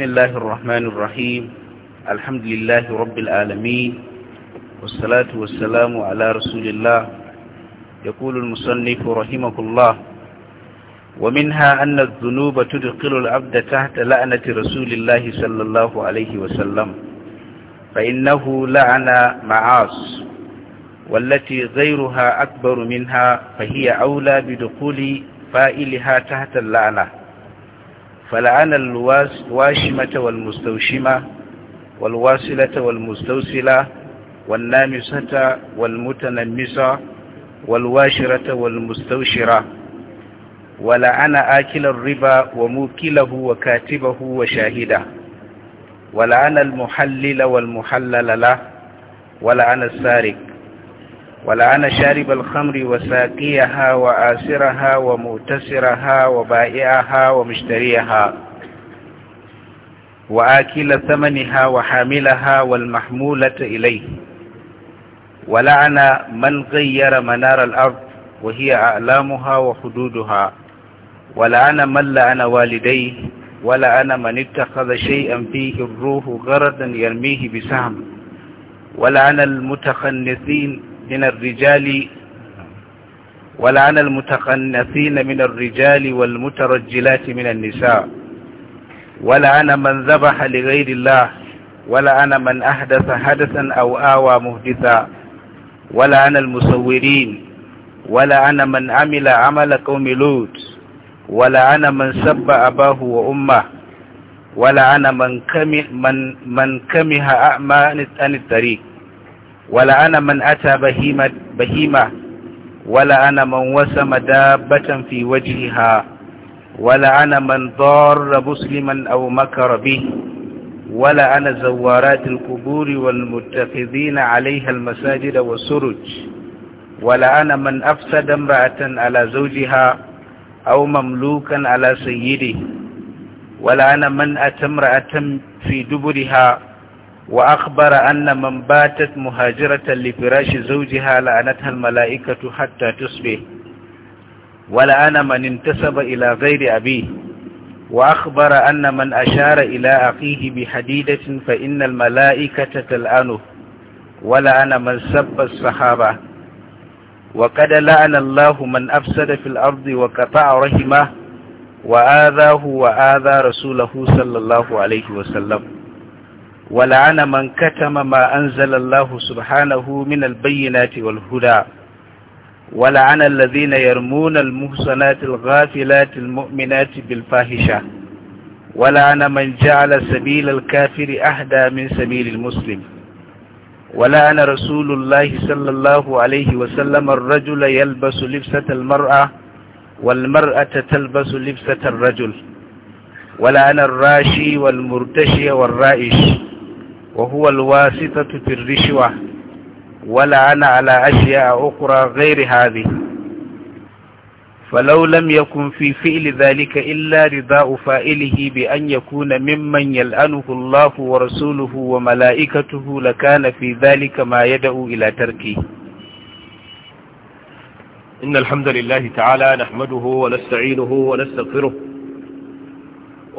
بسم الله الرحمن الرحيم الحمد لله رب العالمين والصلاة والسلام على رسول الله يقول المصنف رحمه الله ومنها أن الذنوب تدخل العبد تحت لعنة رسول الله صلى الله عليه وسلم فإنه لعن معاص والتي غيرها أكبر منها فهي أولى بدخول فائلها تحت اللعنة فلعن الواشمة والمستوشمة والواصلة والمستوصلة والنامسة والمتنمسة والواشرة والمستوشرة ولعن آكل الربا وموكله وكاتبه وشاهده ولعن المحلل والمحلل له ولعن السارق ولعن شارب الخمر وساقيها وآسرها ومؤتسرها وبائعها ومشتريها وآكل ثمنها وحاملها والمحمولة إليه ولعن من غير منار الأرض وهي أعلامها وحدودها ولعن من لعن والديه ولعن من اتخذ شيئا فيه الروح غرضا يرميه بسهم ولعن المتخنثين من الرجال ولعن المتقنثين من الرجال والمترجلات من النساء ولعن من ذبح لغير الله ولعن من أحدث حدثا أو آوى مهدثا ولعن المصورين ولعن من عمل عمل قوم لوط ولعن من سب أباه وأمه ولعن من كمه من من كمه أعمى عن الطريق wala ana man ata bahima wala ana man wasa madabatan fi wajiha wala ana man dharra musliman aw makara bi wala ana zawarat alqubur wal muttaqidin alayha almasajid wasuruj wala ana man afsada imra'atan ala zawjiha aw mamlukan ala sayyidi wala ana man atamra'atan fi duburiha وأخبر أن من باتت مهاجرة لفراش زوجها لعنتها الملائكة حتى تصبح ولعن من انتسب إلى غير أبيه وأخبر أن من أشار إلى أخيه بحديدة فإن الملائكة تلعنه ولعن من سب الصحابة وقد لعن الله من أفسد في الأرض وقطع رحمه وآذاه وآذى رسوله صلى الله عليه وسلم ولعن من كتم ما أنزل الله سبحانه من البينات والهدى ولعن الذين يرمون المحصنات الغافلات المؤمنات بالفاحشة ولعن من جعل سبيل الكافر أهدى من سبيل المسلم ولعن رسول الله صلى الله عليه وسلم الرجل يلبس لبسة المرأة والمرأة تلبس لبسة الرجل ولعن الراشي والمرتشي والرائش وهو الواسطة في الرشوة ولعن على أشياء أخرى غير هذه فلو لم يكن في فعل ذلك إلا رضاء فائله بأن يكون ممن يلأنه الله ورسوله وملائكته لكان في ذلك ما يدعو إلى تركه إن الحمد لله تعالى نحمده ونستعينه ونستغفره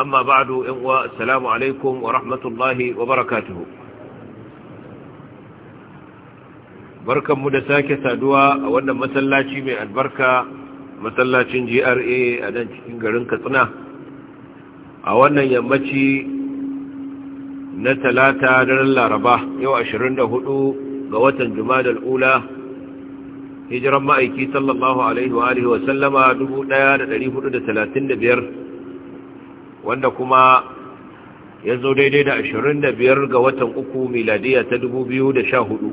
amma ba'du yan uwa assalamu alaikum wa rahmatullahi wa barakatuhu barkanmu da sake saduwa a wannan masallaci mai albarka masallacin GRA a nan cikin garin Katsina a wannan yammaci na talata daren Laraba yau 24 ga watan Jumadal Ula hijiran ma'aiki sallallahu alaihi wa alihi wa sallama 1435 wanda kuma ya zo daidai da 25 ga watan uku miladiya ta 2014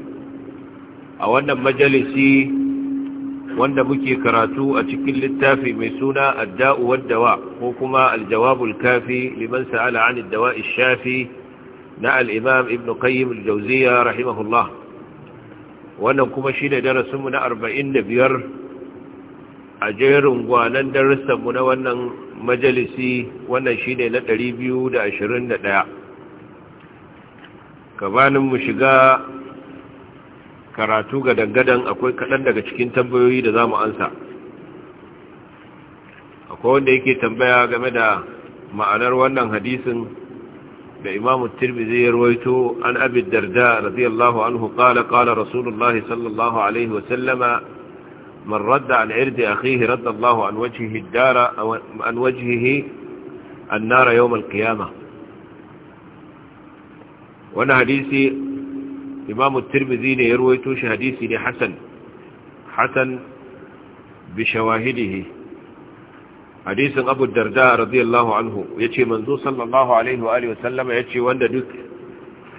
a wannan majalisi wanda muke karatu a cikin littafi mai suna adda'u waddawa ko kuma aljawabul kafi liman sa'ala an addawa shafi na al'imam ibn qayyim al-jauziya rahimahullah wannan kuma shi ne darasinmu na 45 a jerin gwanan darussanmu na wannan majalisi wannan shi ne na 221 gabanin mu shiga karatu ga dangadan akwai kaɗan daga cikin tambayoyi da za mu ansa akwai wanda yake tambaya game da ma'anar wannan hadisin da imamu tirmidhi ya rawaito an abi darda radiyallahu anhu ƙala ƙala rasulullahi sallallahu alaihi wasallama من رد عن عرض أخيه رد الله عن وجهه الدار أو عن وجهه النار يوم القيامة وانا حديثي إمام الترمذي يروي توش حديثي لحسن حسن بشواهده حديث أبو الدرداء رضي الله عنه يتي منذ صلى الله عليه وآله وسلم يتي وانا دك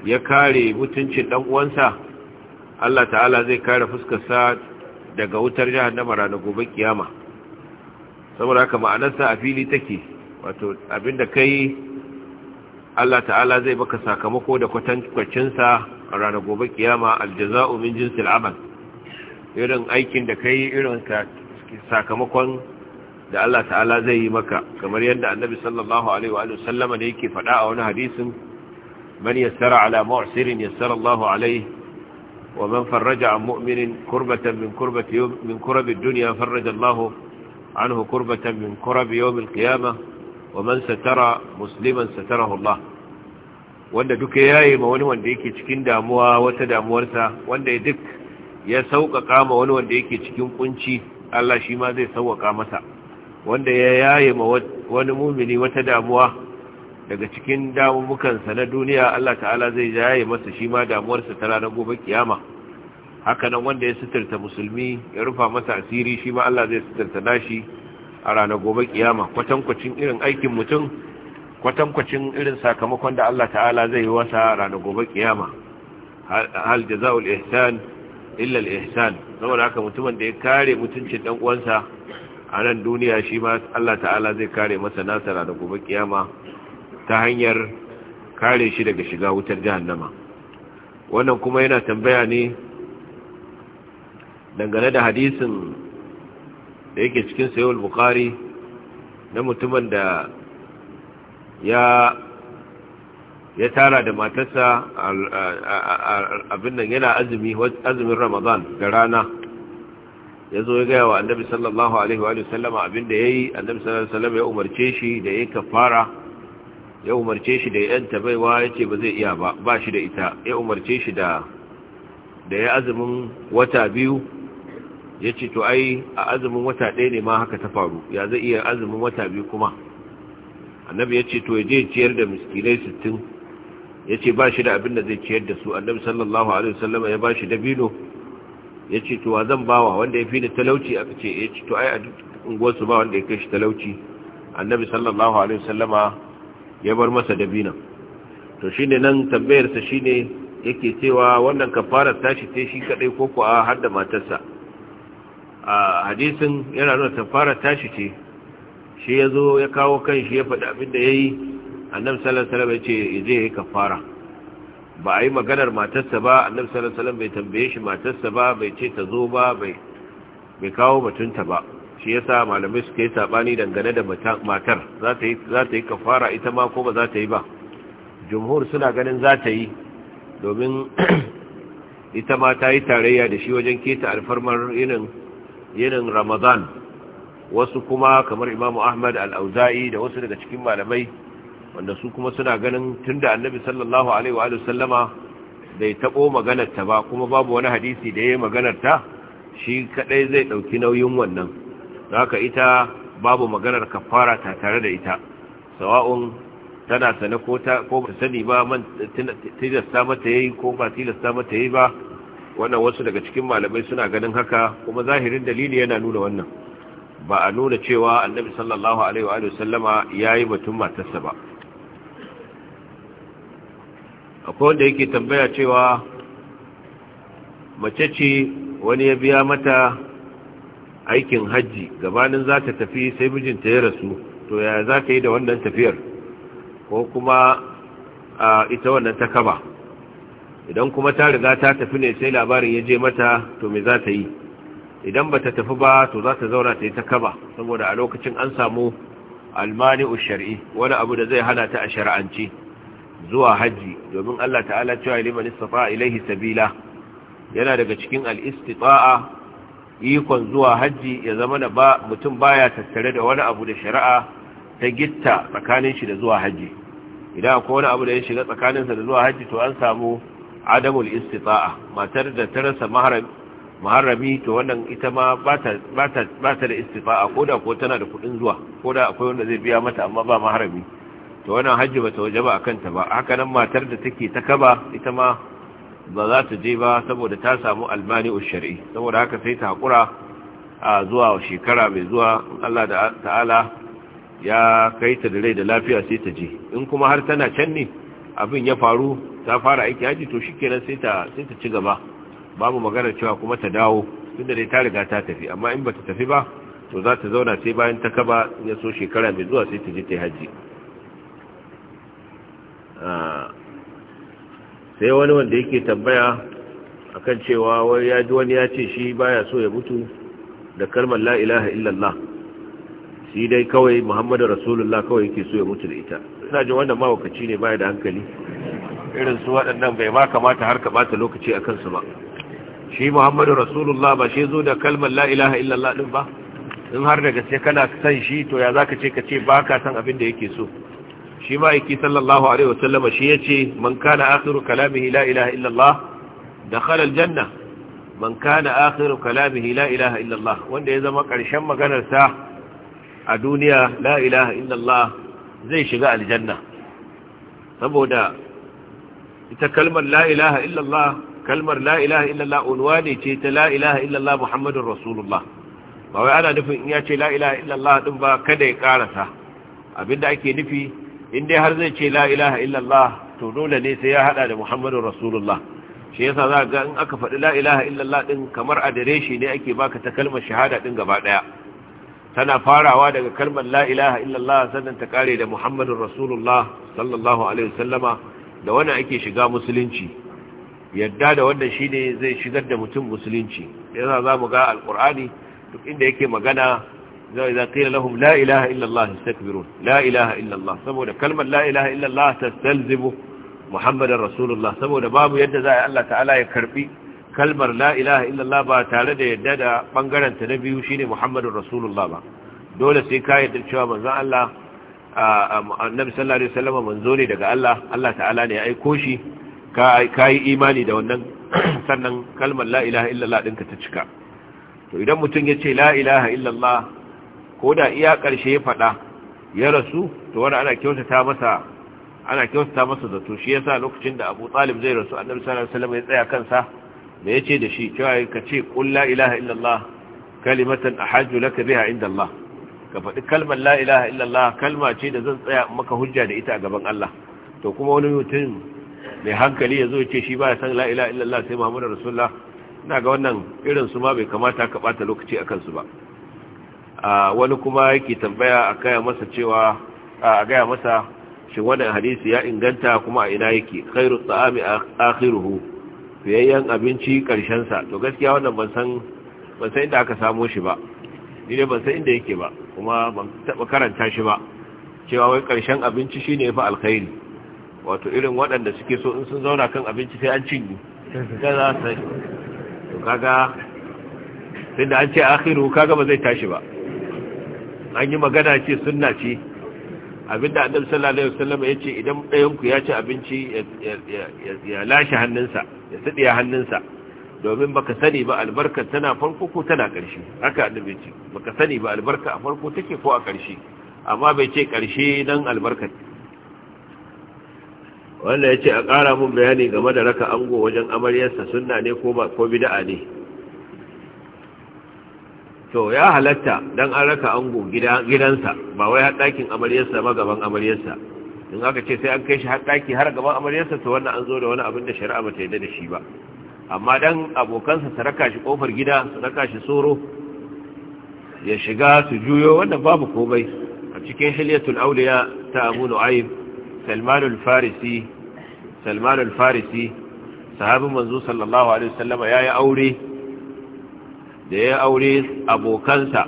يكاري متنشي الأنقوانسة الله تعالى زي كاري فسك الساد daga wutar jahannama ranar gobe kiyama saboda haka ma'anarsa a fili take wato abinda kai Allah ta'ala zai baka sakamako da kwatancinsa a ranar gobe kiyama aljaza'u min jinsil amal irin aikin da kai irin sakamakon da Allah ta'ala zai yi maka kamar yadda annabi sallallahu alaihi wa sallama ne yake faɗa a wani hadisin man yassara ala mu'sirin yassara Allahu alaihi ومن فرج عن مؤمن كربة من كربة يوم من كرب الدنيا فرج الله عنه كربة من كرب يوم القيامة ومن ستر مسلما ستره الله wanda duka yayi ma wani wanda yake cikin damuwa wata damuwarsa wanda duk ya sauƙaƙa ma wani wanda yake cikin kunci Allah shi ma zai sauƙaƙa masa wanda ya yaye ma wani mumini wata damuwa daga cikin damubukansa na duniya Allah ta'ala zai jaye masa shi ma damuwarsa ta ranar gobe kiyama nan wanda ya suturta musulmi ya rufa masa asiri shi ma Allah zai suturta nashi a ranar gobe kiyama kwatankwacin irin aikin mutum kwatankwacin irin sakamakon da Allah ta'ala zai yi wasa ranar gobe kiyama hal jaza'ul ihsan illa al ihsan saboda haka mutumin da ya kare mutuncin dan uwansa a nan duniya shi ma Allah ta'ala zai kare masa nasara da gobe kiyama ta hanyar kare shi daga shiga wutar jahannama wannan kuma yana tambaya ne dangane da hadisin da yake cikin sayowar bukari na mutumin da ya ya tara da matarsa abin nan yana azumi azumin ramadan da rana ya zo ya gaya wa annabi sallallahu alaihi wa sallama abin da ya yi annabi sallallahu alaihi wa ya umarce shi da ya kafara ya umarce shi da yanta baiwa ya ce ba zai iya ba ba shi da ita ya umarce shi da da ya azumin wata biyu ya ce to ai a azumin wata ɗaya ne ma haka ta faru ya zai iya azumin wata biyu kuma annabi ya ce to ya je ciyar da miskinai sittin ya ce ba shi da abin da zai ciyar da su annabi sallallahu alaihi wasallama ya ba shi dabino ya ce to wa zan bawa wanda ya fi da talauci aka ce ya eh, ce to ai a duk unguwarsu ba wanda ya kai shi talauci annabi sallallahu alaihi wasallama ya bar masa dabinan to shine nan tambayarsa shine yake cewa wannan kafarar tashi ce shi kadai ko ko a da matarsa a hadisin yana nuna kafarar tashi ce shi yazo ya kawo kan shi ya faɗi abin da yayi annabi sallallahu alaihi wasallam ya ce je yayi kafara ba a yi maganar matarsa ba annab sallallahu alaihi bai tambaye shi matarsa ba bai ce ta zo ba bai bai kawo batunta ba shi yasa malamai suka yi sabani dangane da matar za ta yi ka fara kafara ita ma ko ba za ta yi ba jumhur suna ganin za ta yi domin ita ma ta yi tarayya da shi wajen keta alfarmar yinin ramadan wasu kuma kamar imamu ahmad al da wasu daga cikin malamai wanda su kuma suna ganin tun da annabi sallallahu alaihi wa sallama bai taɓo maganarta ba kuma babu wani hadisi da ya yi maganarta shi kaɗai zai ɗauki nauyin wannan haka ita babu maganar kafara ta tare da ita sawa'un tana sane ko ta ko ba sani ba man tilasta mata yayi ko ba tilasta mata yayi ba wannan wasu daga cikin malamai suna ganin haka kuma zahirin dalili yana nuna wannan ba a nuna cewa annabi sallallahu alaihi wa sallama yayi batun matarsa ba akwai wanda yake tambaya cewa mace ce wani ya biya mata aikin hajji gabanin za ta tafi sai mijinta ya rasu to ya za ka yi da wannan tafiyar ko kuma a ita wannan ta kaba idan kuma ta riga ta tafi ne sai labarin ya je mata to me za ta yi idan ba ta tafi ba to za ta zauna ta yi ta kaba saboda a lokacin an samu almani shar'i wani abu da zai hana ta a shari'anci zuwa hajji domin Allah ta'ala cewa liman istata'a ilaihi sabila yana daga cikin al-istita'a ikon zuwa hajji ya zama da ba mutum baya tattare da wani abu da shari'a ta gitta tsakanin shi da zuwa hajji idan akwai wani abu da ya shiga tsakanin sa da zuwa hajji to an samu adamul istita'a matar da ta rasa maharami to wannan ita ma ba ta da istita'a ko da ko tana da kudin zuwa ko da akwai wanda zai biya mata amma ba maharami to wannan hajji bata waje ba akan ta ba haka nan matar da take ta kaba ita ma ba za ta je ba saboda ta samu almani ushari saboda haka sai ta haƙura a zuwa shekara mai zuwa Allah ta'ala ya kai ta da rai da lafiya sai ta je in kuma har tana can ne abin ya faru ta fara aiki haji to shi kenan sai ta ci gaba babu magana cewa kuma ta dawo tunda dai ta riga ta tafi amma in ba ta tafi ba to za ta zauna sai bayan ta kaba ya so shekara mai zuwa sai ta je ta yi haji sai wani wanda yake tambaya akan cewa wai ya ji wani ya ce shi baya so ya mutu da kalmar la ilaha illallah shi dai kawai muhammadu rasulullah kawai yake so ya mutu da ita ina jin wannan mawakaci ne baya da hankali irin su waɗannan bai ma kamata har ka bata lokaci a kansu ba shi muhammadu rasulullah ba shi zo da kalmar la ilaha illallah din ba in har daga sai kana son shi to ya zaka ce ka ce ba ka san abin da yake so shi ma'aiki sallallahu alaihi wasallama shi ya ce man kana akhiru kalamihi la ilaha illallah da dakhala aljanna man kana akhiru kalamihi la ilaha illallah wanda ya zama ƙarshen maganarsa a duniya la ilaha illallah zai shiga aljanna saboda ita kalmar la ilaha illallah kalmar la ilaha illallah unwani ce ta la ilaha illallah muhammadun rasulullah ba wai ana nufin in ya ce la ilaha illallah din ba kada ya karasa abinda ake nufi in dai har zai ce la ilaha illallah to dole ne sai ya hada da muhammadun rasulullah shi yasa za ga in aka faɗi la ilaha illallah din kamar adireshi ne ake baka ta kalmar shahada din gaba ɗaya. tana farawa daga kalmar la ilaha illallah sannan ta kare da muhammadun rasulullah sallallahu alaihi wasallama da wannan ake shiga musulunci yadda da wannan shine zai shigar da mutum musulunci yasa za mu ga alqur'ani duk inda yake magana zai za qila lahum la ilaha illa Allah istakbirun la ilaha illa saboda kalmar la ilaha illa Allah tastalzibu Muhammadar Rasulullah saboda babu yadda za a Allah ta'ala ya karbi kalmar la ilaha illa ba tare da yarda da bangaren ta na biyu shine Muhammadur Rasulullah ba dole sai ka yadda cewa manzon Allah annabi sallallahu alaihi wasallam manzo ne daga Allah Allah ta'ala ne ya aiko shi ka yi imani da wannan sannan kalmar la ilaha illallah ɗinka ta cika to idan mutum ya ce la ilaha illallah ko da iya ƙarshe ya faɗa ya rasu to wani ana kyautata masa ana kyautata masa zato shi yasa lokacin da Abu Talib zai rasu Annabi sallallahu alaihi wasallam ya tsaya kansa me yace da shi cewa ka ce qul la ilaha illallah kalimatan ahajju laka biha inda Allah ka faɗi kalmar la ilaha illallah kalma ce da zan tsaya maka hujja da ita a gaban Allah to kuma wani mutum mai hankali ya zo ya ce shi ba ya san la ilaha illallah sai Muhammadu Rasulullah ina ga wannan irin su ma bai kamata ka bata lokaci akan su ba wani kuma yake tambaya a gaya masa cewa a gaya masa shi wannan hadisi ya inganta kuma a ina yake khairu ta'ami akhiruhu fiyayyen abinci karshen sa to gaskiya wannan ban san ban san inda aka samo shi ba ni ne ban san inda yake ba kuma ban taba karanta shi ba cewa wai karshen abinci shine fa alkhairi wato irin waɗanda suke so in sun zauna kan abinci sai an cinye kaza sai to kaga sai da an ce akhiru kaga ba zai tashi ba an yi magana ce sunna ce abinda annabi sallallahu alaihi wasallam ya ce idan ɗayan ku ya ci abinci ya lashe hannunsa ya tsidiya hannunsa domin baka sani ba albarka tana farko ko tana ƙarshe haka annabi ce baka sani ba albarka a farko take ko a ƙarshe amma bai ce ƙarshe dan albarka wanda ya ce a ƙara mun bayani game da raka ango wajen amaryarsa sunna ne ko ba ko bid'a ne to ya halatta dan an raka ango gidansa ba wai har ɗakin amaryarsa ba gaban amaryarsa in aka ce sai an kai shi har har gaban amaryarsa to wannan an zo da wani abin da shari'a ba ta yarda da shi ba amma dan abokansa su raka shi kofar gida su raka shi soro ya shiga su juyo wanda babu komai a cikin hilyatul auliya ta Abu Nu'aym Salman al-Farisi Salman al-Farisi sahabin manzo sallallahu alaihi wasallama yayi aure da ya aure abokansa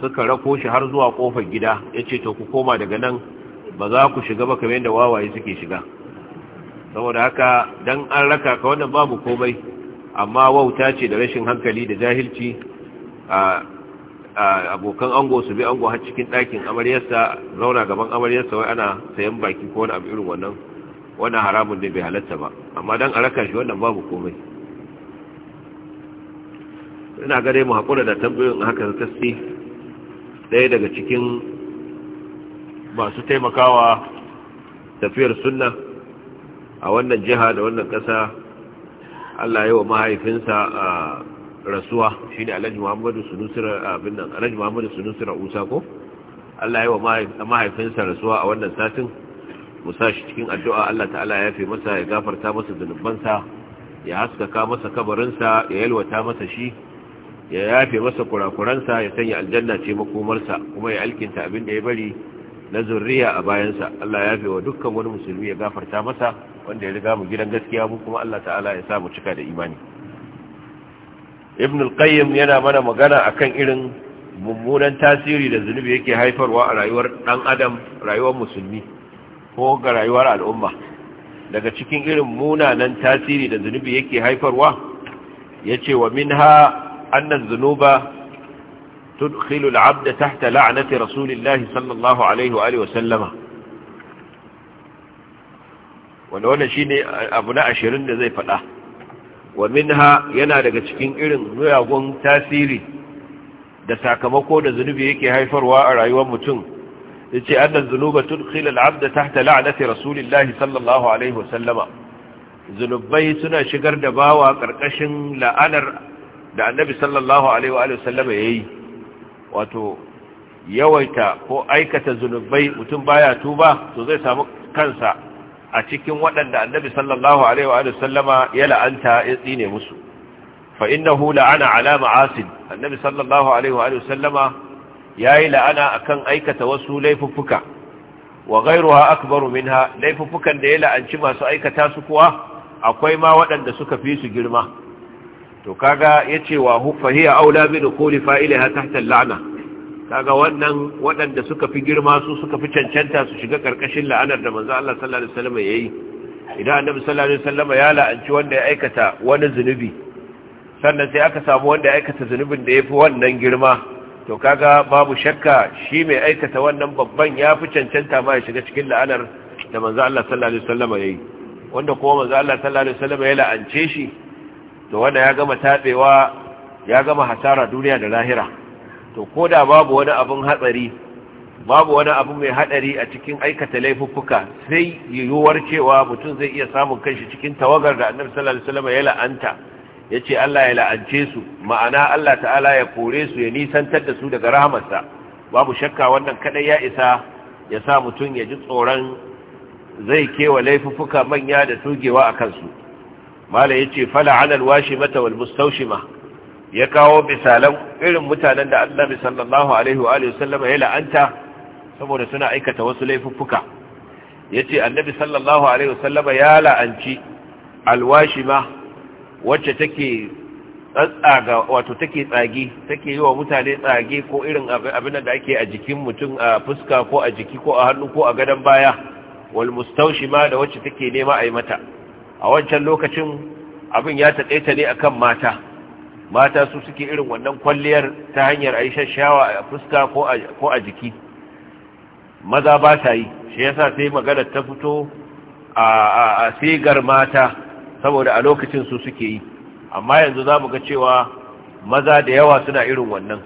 suka rako shi har zuwa kofar gida ya ce to ku koma daga nan ba za ku shiga ba kamar yadda wawaye suke shiga saboda haka dan an raka ka wannan babu komai amma wauta ce da rashin hankali da jahilci a abokan ango su bi ango har cikin ɗakin amaryarsa zauna gaban amaryarsa wai ana sayan baki ko wani abu irin wannan wannan haramun ne bai halatta ba amma dan a raka shi wannan babu komai ina gare mu haƙura da tambayoyin haka ta ɗaya daga cikin masu taimakawa tafiyar sunna a wannan jiha da wannan ƙasa Allah yi wa mahaifinsa a rasuwa shi ne alhaji muhammadu sunusira abin nan alhaji muhammadu sunusira usa ko Allah yi wa mahaifinsa rasuwa a wannan satin musa shi cikin addu'a Allah ta'ala ya fi masa ya gafarta masa zunubansa ya haskaka masa kabarinsa ya yalwata masa shi ya yafe masa kurakuransa ya sanya aljanna ce makomarsa kuma ya alkinta abin da ya bari na zurriya a bayansa Allah ya yafe wa dukkan wani musulmi ya gafarta masa wanda ya riga mu gidan gaskiya mu kuma Allah ta'ala ya sa mu cika da imani ibn qayyim yana mana magana akan irin mummunan tasiri da zunubi yake haifarwa a rayuwar dan adam rayuwar musulmi ko ga rayuwar al'umma daga cikin irin munanan tasiri da zunubi yake haifarwa yace wa minha أن الذنوب تدخل العبد تحت لعنة رسول الله صلى الله عليه وآله وسلم ولولا شيني أبناء عشرين زي فلا ومنها ينالك تشكين إرن ويقوم تاثيري da sakamako da zunubi yake haifarwa a rayuwar mutum yace annal zunuba tudkhil al-'abda tahta la'nati rasulillahi sallallahu alaihi wasallama zunubai suna shigar da bawa ƙarƙashin la'anar da annabi sallallahu alaihi wa sallama wato yawaita ko aikata zunubai mutum baya tuba to zai samu kansa a cikin waɗanda annabi sallallahu alaihi wa sallama ya la'anta ya tsine musu fa innahu la'ana ala ma'asin annabi sallallahu alaihi wa sallama yayi la'ana akan aikata wasu laifuffuka wa ghayruha akbaru minha laifuffukan da ya la'anci masu aikata su kuwa akwai ma waɗanda suka fi su girma to kaga yace wa hufahiya aula bi dukuli fa'ilaha tahta al-la'na kaga wannan waɗanda suka fi girma su suka fi cancanta su shiga karkashin la'anar da manzo Allah sallallahu alaihi wasallam yayi idan annabi sallallahu alaihi wasallam ya la'anci wanda ya aikata wani zunubi sannan sai aka samu wanda ya aikata zunubin da yafi wannan girma to kaga babu shakka shi mai aikata wannan babban ya fi cancanta ma ya shiga cikin la'anar da manzo Allah sallallahu alaihi wasallam yayi wanda kuma manzo Allah sallallahu alaihi wasallam ya la'ance shi to wanda ya gama tabewa ya gama hasara duniya da lahira to ko da babu wani abin hatsari babu wani abu mai hadari a cikin aikata laifuka sai yiwuwar cewa mutum zai iya samun kanshi cikin tawagar da annabi sallallahu alaihi wasallam ya la'anta yace Allah ya la'ance su ma'ana Allah ta'ala ya kore su ya nisantar da su daga rahamarsa babu shakka wannan kadai ya isa ya sa mutum ya ji tsoron zai kewa laifuka manya da tugewa a kansu mala ce fala ala alwashimata walmustawshima ya kawo misalan irin mutanen da Annabi sallallahu alaihi wa alihi ya la'anta saboda suna aikata wasu laifuffuka ya yace Annabi sallallahu alaihi wa wasallama ya la'anci alwashima wacce take tsatsaga wato take tsagi take yi wa mutane tsage ko irin abin da ake a jikin mutum a fuska ko a jiki ko a hannu ko a gadon baya wal mustawshima da wacce take nema a yi mata a wancan lokacin abin ya taɗaita ne akan mata mata su suke irin wannan kwalliyar ta hanyar a yi a fuska ko a jiki maza ba ta yi shi yasa sai maganar ta fito a sigar mata saboda a lokacin su suke yi amma yanzu za mu ga cewa maza da yawa suna irin wannan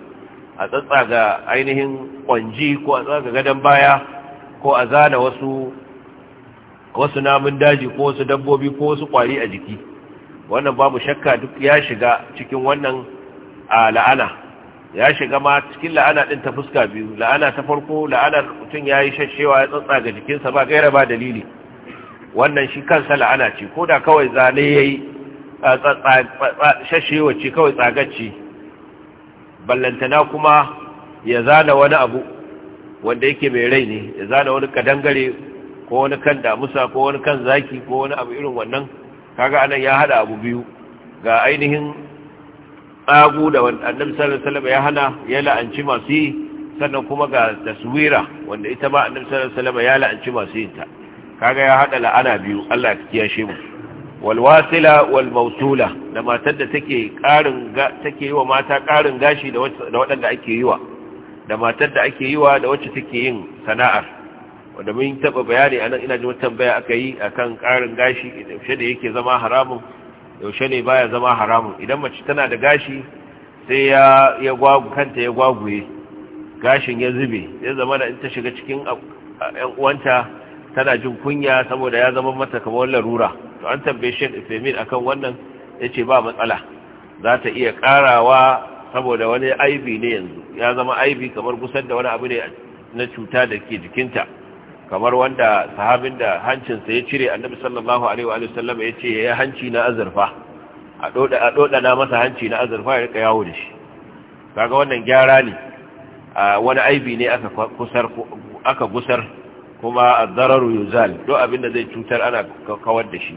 a tsatsa ga ainihin kwanji ko a tsatsa ga gadon baya ko a zana wasu wasu namun daji ko wasu dabbobi ko wasu kwari a jiki wannan babu shakka duk ya shiga cikin wannan a la'ana ya shiga ma cikin la'ana din ta fuska biyu la'ana ta farko la'ana mutum ya yi shashewa ya tsatsa ga jikinsa ba gaira ba dalili wannan shi kansa la'ana ce ko da kawai zane ya yi shashewa ce kawai tsagacce ballantana kuma ya zana wani abu wanda yake mai rai ne ya zana wani kadangare ko wani kan damusa ko wani kan zaki ko wani abu irin wannan kaga anan ya hada abu biyu ga ainihin tsagu da annabi sallallahu alaihi wasallam ya hana ya la'anci masu yi sannan kuma ga taswira wanda ita ma annabi sallallahu alaihi wasallam ya la'anci masu yin ta kaga ya hada la'ana biyu Allah ya kiyashe mu wal wasila wal mawsula da matar da take karin take yi wa mata karin gashi da da wadanda ake yi wa da matar da ake yi wa da wacce take yin sana'ar wanda mun taba bayani anan ina ji wata tambaya aka yi akan karin gashi yaushe da yake zama haramun yaushe ne baya zama haramun idan mace tana da gashi sai ya ya gwagu kanta ya gwaguye gashin ya zube ya zama da in ta shiga cikin yan uwanta tana jin kunya saboda ya zama mata kamar rura to an tambaye shi femin akan wannan yace ba matsala za ta iya karawa saboda wani aibi ne yanzu ya zama aibi kamar gusar da wani abu ne na cuta da ke jikinta kamar wanda sahabin da hancinsa ya cire annabi sallallahu alaihi wa sallam ya ce ya hanci na azurfa a doda masa hanci na azurfa ya rika yawo da shi kaga wannan gyara ne a wani aibi ne aka gusar kuma a zarar yuzal do abin da zai cutar ana kawar da shi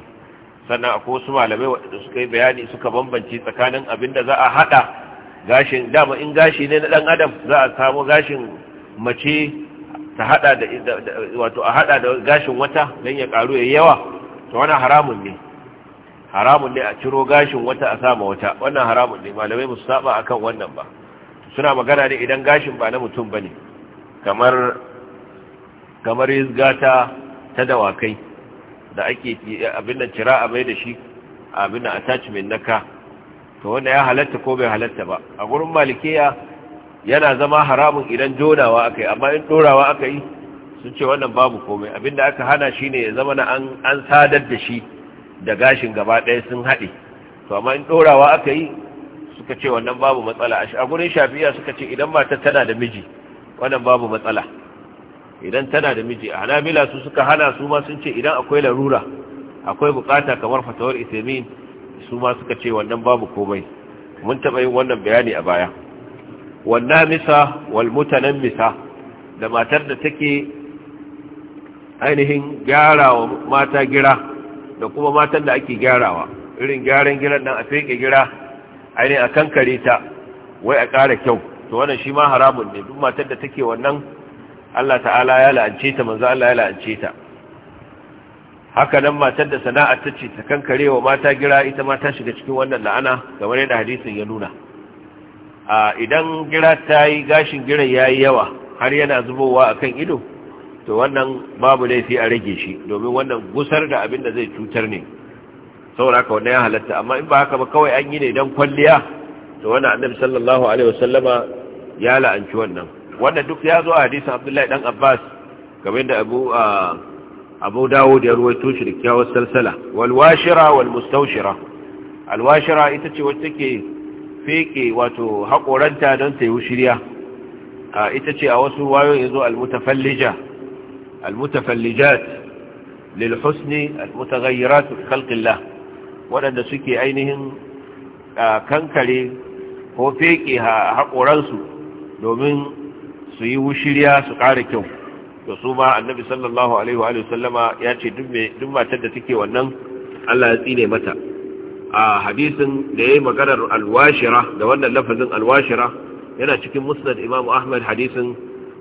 sannan akwai wasu malamai waɗanda suka yi bayani suka bambance tsakanin abin da za a haɗa gashin dama in gashi ne na ɗan adam za a samu gashin mace ta hada da wato a hada da gashin wata don ya karu ya yawa to wannan haramun ne haramun ne a ciro gashin wata a sama wata wannan haramun ne malamai musu saba akan wannan ba suna magana ne idan gashin ba na mutum bane kamar kamar yizga ta dawakai da ake abin cira a mai da shi abin da attachment na ka to wanda ya halatta ko bai halatta ba a gurin malikiya yana zama haramun idan jonawa aka yi amma in ɗorawa aka yi sun ce wannan babu komai abinda aka hana shi ne ya zama na an sadar da shi da gashin gaba ɗaya sun haɗe to amma in ɗorawa aka yi suka ce wannan babu matsala a gurin shafiya suka ce idan mata tana da miji wannan babu matsala idan tana da miji a hanabila su suka hana su ma sun ce idan akwai larura akwai bukata kamar fatawar isamin su ma suka ce wannan babu komai mun taɓa yin wannan bayani a baya da matar da take ainihin gyarawa mata gira da kuma matan da ake gyarawa irin gyaran giran nan a feke gira ainihin a kankare ta wai a ƙara kyau to wannan shi ma haramun ne duk matar da take wannan Allah ta'ala ya la'ance ta manzo Allah ya la'ance ta haka nan matar da sana'a ta ce ta kankarewa mata gira ita ma ta shiga cikin wannan la'ana kamar yadda hadisin ya nuna a idan gira ta yi gashin gira ya yi yawa har yana zubowa a kan ido to wannan babu laifi a rage shi domin wannan gusar da abin da zai cutar ne saboda ka wannan ya halatta amma in ba haka ba kawai an yi ne don kwalliya to wannan annabi sallallahu alaihi wasallama ya la'anci wannan Wannan duk ya zo a hadisin abdullahi dan abbas kamar da abu abu dawud ya ruwaito shi da kyawar salsala wal washira wal mustawshira al washira ita ce wacce take feke wato haƙoranta don ta yi shirya ita ce a wasu wayo ya zo almutafallija almutafallijat lilhusni almutaghayyiratu khalqillah waɗanda suke ainihin kankare ko feke haƙoransu domin su yi wushiriya su ƙara kyau da su ma annabi sallallahu alaihi wa sallama ya ce duk matar da take wannan Allah ya tsine mata a hadisin da ya yi maganar alwashira da wannan lafazin alwashira yana cikin musnad imam ahmad hadisin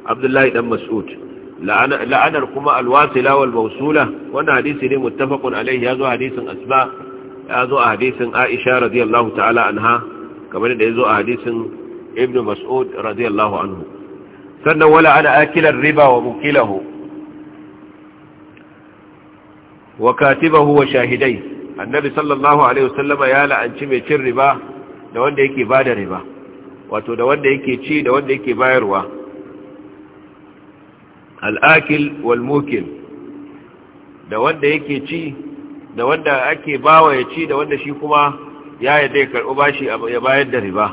abdullahi dan mas'ud la'anar kuma alwasila wal mausula wannan hadisi ne muttafaqun alaihi yazo hadisin asba yazo a hadisin aisha radiyallahu ta'ala anha kamar da yazo a hadisin ibn mas'ud radiyallahu anhu sannan wala ana akilar riba wa mukilahu wa katibahu wa shahidai annabi sallallahu alaihi wasallama ya la'anci mai cin riba da wanda yake bada riba wato da wanda yake ci da wanda yake bayarwa al'akil wal mukil da wanda yake ci da wanda ake bawa ya ci da wanda shi kuma ya yadda ya karɓi bashi ya bayar da riba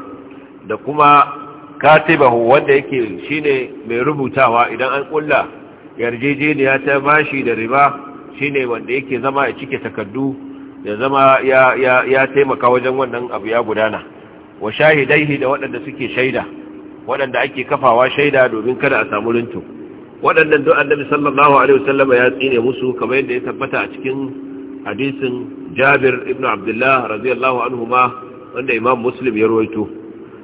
da kuma katibahu wanda yake shine mai rubutawa idan an kulla yarjejeniya ta bashi da riba shine wanda yake zama ya cike takardu ya zama ya taimaka wajen wannan abu ya gudana wa shahidaihi da waɗanda suke shaida waɗanda ake kafawa shaida domin kada a samu rinto waɗannan duk annabi sallallahu alaihi wasallam ya tsine musu kamar yadda ya tabbata a cikin hadisin Jabir ibn Abdullah radiyallahu anhuma wanda Imam Muslim ya rawaito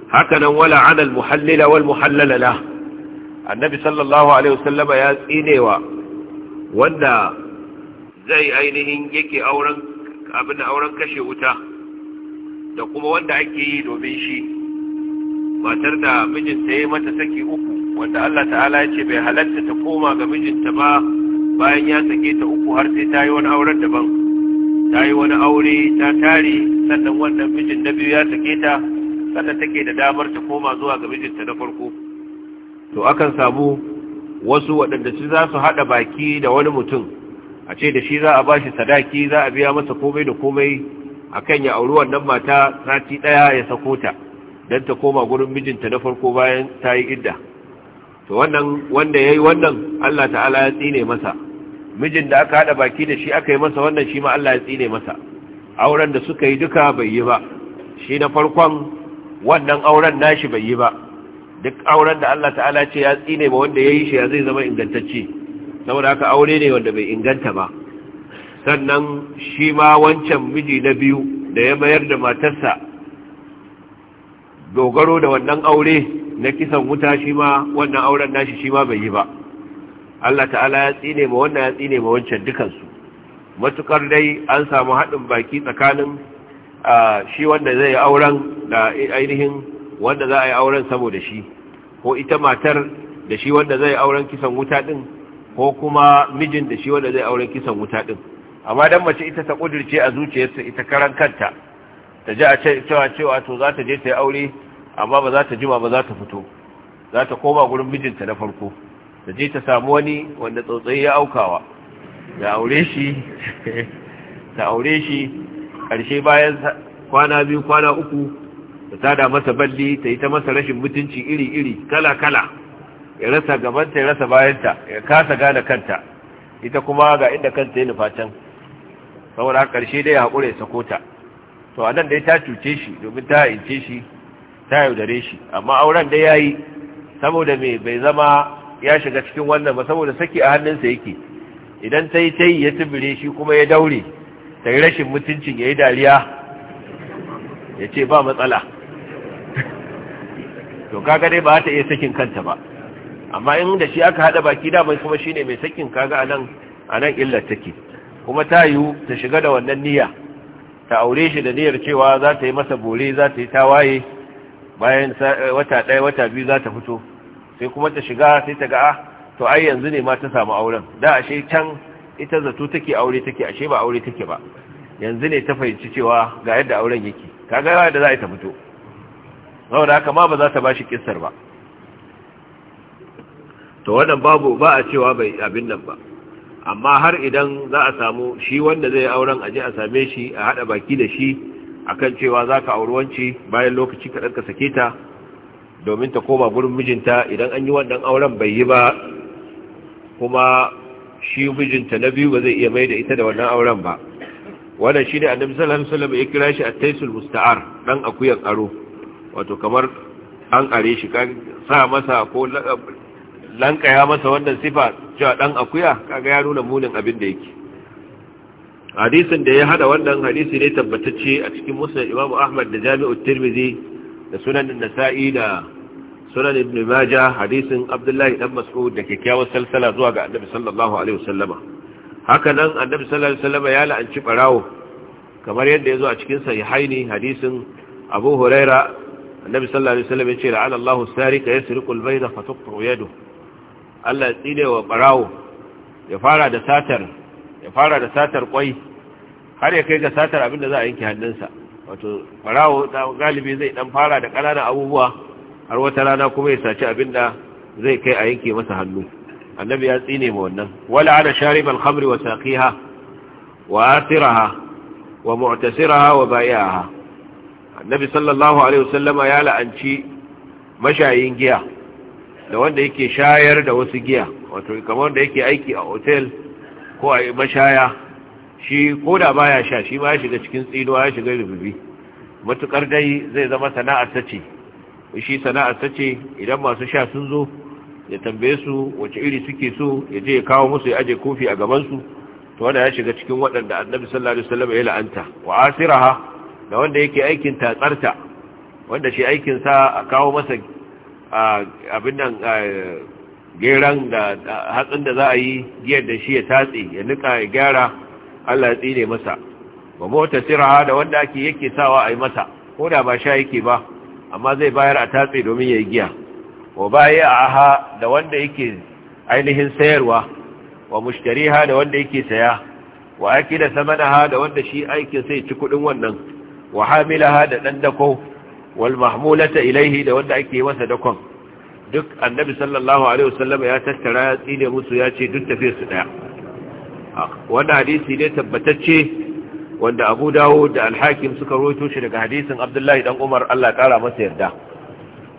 haka nan wala ala al-muhallila wal muhallala la annabi sallallahu alaihi wasallam ya tsinewa wanda zai ainihin yake auren abin da auren kashe wuta da kuma wanda ake yi domin shi matar da mijinta ya mata saki uku wanda Allah ta'ala ya ce bai halatta ta koma ga mijinta ba bayan ya sake ta uku har sai ta yi wani auren daban ta yi wani aure ta tare sannan wannan mijin na biyu ya sake ta sannan take da damar ta koma zuwa ga mijinta na farko to akan samu wasu waɗanda su za su haɗa baki da wani mutum a ce da shi za a bashi sadaki za a biya masa komai da komai kan ya auri wannan mata sati ɗaya ya sako ta don ta koma gurin mijinta na farko bayan ta yi idda to wannan wanda yi wannan Allah ta'ala ya tsine masa mijin da aka haɗa baki da shi aka yi masa wannan shi ma Allah ya tsine masa auren da suka yi duka bai yi ba shi na farkon wannan auren nashi bai yi ba duk auren da Allah ta'ala ce ya tsine ba wanda ya yi shi ya zai zama ingantacce saboda haka aure ne wanda bai inganta ba sannan shi ma wancan miji na biyu da ya mayar da matarsa dogaro da wannan aure na kisan wuta shi ma wannan auren nashi shi ma bai yi ba Allah ta'ala ya tsine ma wannan ya tsine ma wancan dukansu matukar dai an samu haɗin baki tsakanin shi wanda zai auren da ainihin wanda za a yi auren saboda shi ko ita matar da shi wanda zai auren kisan wuta din ko kuma mijin da shi wanda zai aure kisan wuta din amma dan mace ita ta kudirce a zuciyarta ita karan kanta ta ji a cewa cewa to za ta je ta yi aure amma ba za ta jima ba za ta fito za ta koma gurin mijinta na farko ta je ta samu wani wanda tsautsayi ya aukawa ta aure shi ta aure shi karshe bayan kwana biyu kwana uku ta tada masa balli ta yi ta masa rashin mutunci iri-iri kala-kala ya rasa gabanta ya rasa bayanta ya kasa gane kanta ita kuma ga inda kanta ya nufa can saboda a karshe dai ya haƙura ya sako ta to a nan dai ta cuce shi domin ta ince shi ta yaudare shi amma auren dai ya yi saboda mai bai zama ya shiga cikin wannan ba saboda saki a hannunsa yake idan ta yi ta yi ya tubire shi kuma ya daure ta yi rashin mutuncin ya yi dariya ya ce ba matsala to kaga dai ba ta iya sakin kanta ba amma in da shi aka hada baki da kuma kuma shine mai sakin kaga anan anan illar take kuma ta yiwu ta shiga da wannan niyya ta aure shi da niyyar cewa za ta yi masa bore za ta yi tawaye bayan eh, wata ɗaya wata biyu za ta fito sai kuma ta shiga sai ta ga ah, to ai yanzu ne ma ta samu auren da ashe can ita zato take aure take ashe ba aure take ba yanzu ne ta fahimci cewa ga yadda auren yake kaga da za a yi ta fito saboda haka ma ba za ta bashi kissar ba to wannan babu ba a cewa bai abin nan ba amma har idan za a samu shi wanda zai auren aje a same shi a hada baki da shi akan cewa za ka auri wanci bayan lokaci kaɗan ka sake ta domin ta koma gurin mijinta idan an yi wannan auren bai yi ba kuma shi mijinta na biyu ba zai iya mai da ita da wannan auren ba wannan shi ne annabi sallallahu alaihi wasallam ya kira shi a taisul musta'ar dan akuyan aro wato kamar an are shi ka sa masa ko Lanka ya masa wannan sifa cewa dan akuya kaga ya nuna munin abin da yake hadisin da ya hada wannan hadisi ne tabbatacce a cikin musnad Imam Ahmad da Jami'ut Tirmidhi da Sunan An-Nasa'i da Sunan Ibn Majah hadisin Abdullahi ibn Mas'ud da kikkiawar salsala zuwa ga Annabi sallallahu alaihi wasallama haka nan Annabi sallallahu alaihi wasallama ya la'anci barawo kamar yadda ya zo a cikin sahihaini hadisin Abu Huraira Annabi sallallahu alaihi wasallam ya ce la'ana Allahu sarika yasriqu al-bayda fa tuqta'u yaduhu Allah ya tsile wa barawo ya fara da satar ya fara da satar kwai har ya kai ga satar abinda za a yanke hannunsa wato barawo galibi zai dan fara da ƙananan abubuwa har wata rana kuma ya saci abinda zai kai a yanke masa hannu annabi ya tsine ma wannan wala ala sharib al-khamri wa saqiha wa asiraha wa mu'tasiraha wa bai'aha annabi sallallahu alaihi wasallama ya la'anci mashayin giya da wanda yake shayar da wasu giya wato kamar da yake aiki a otel ko a mashaya shi ko da baya sha shi ma ya shiga cikin tsinuwa ya shiga rububi matukar dai zai zama sana'ar ta ce shi sana'ar ta ce idan masu sha sun zo ya tambaye su wace iri suke so ya je ya kawo musu ya aje kofi a gabansu, su to wanda ya shiga cikin waɗanda annabi sallallahu alaihi wasallam ya la'anta wa asiraha da wanda yake aikin tatsarta wanda shi aikin sa a kawo masa abin nan geran da hatsin da za a yi giyar da shi ya tatsi ya nika ya gyara Allah ya tsine masa ba mota siraha da wanda ake yake sawa a yi masa ko da ba sha yake ba amma zai bayar a tatsi domin ya yi giya wa baya a aha da wanda yake ainihin sayarwa wa mushtari ha da wanda yake saya wa aiki da ha da wanda shi aikin sai ci kudin wannan wa hamilaha da ɗan dako walmahmulata ilaihi da wanda ake masa dakon duk annabi sallallahu alaihi wasallam ya tattara ya tsine musu ya ce duk tafiyar su daya ah, wanda hadisi ne tabbatacce wanda Abu dawo da alhakim suka roto shi daga hadisin Abdullahi dan Umar Allah kara masa yarda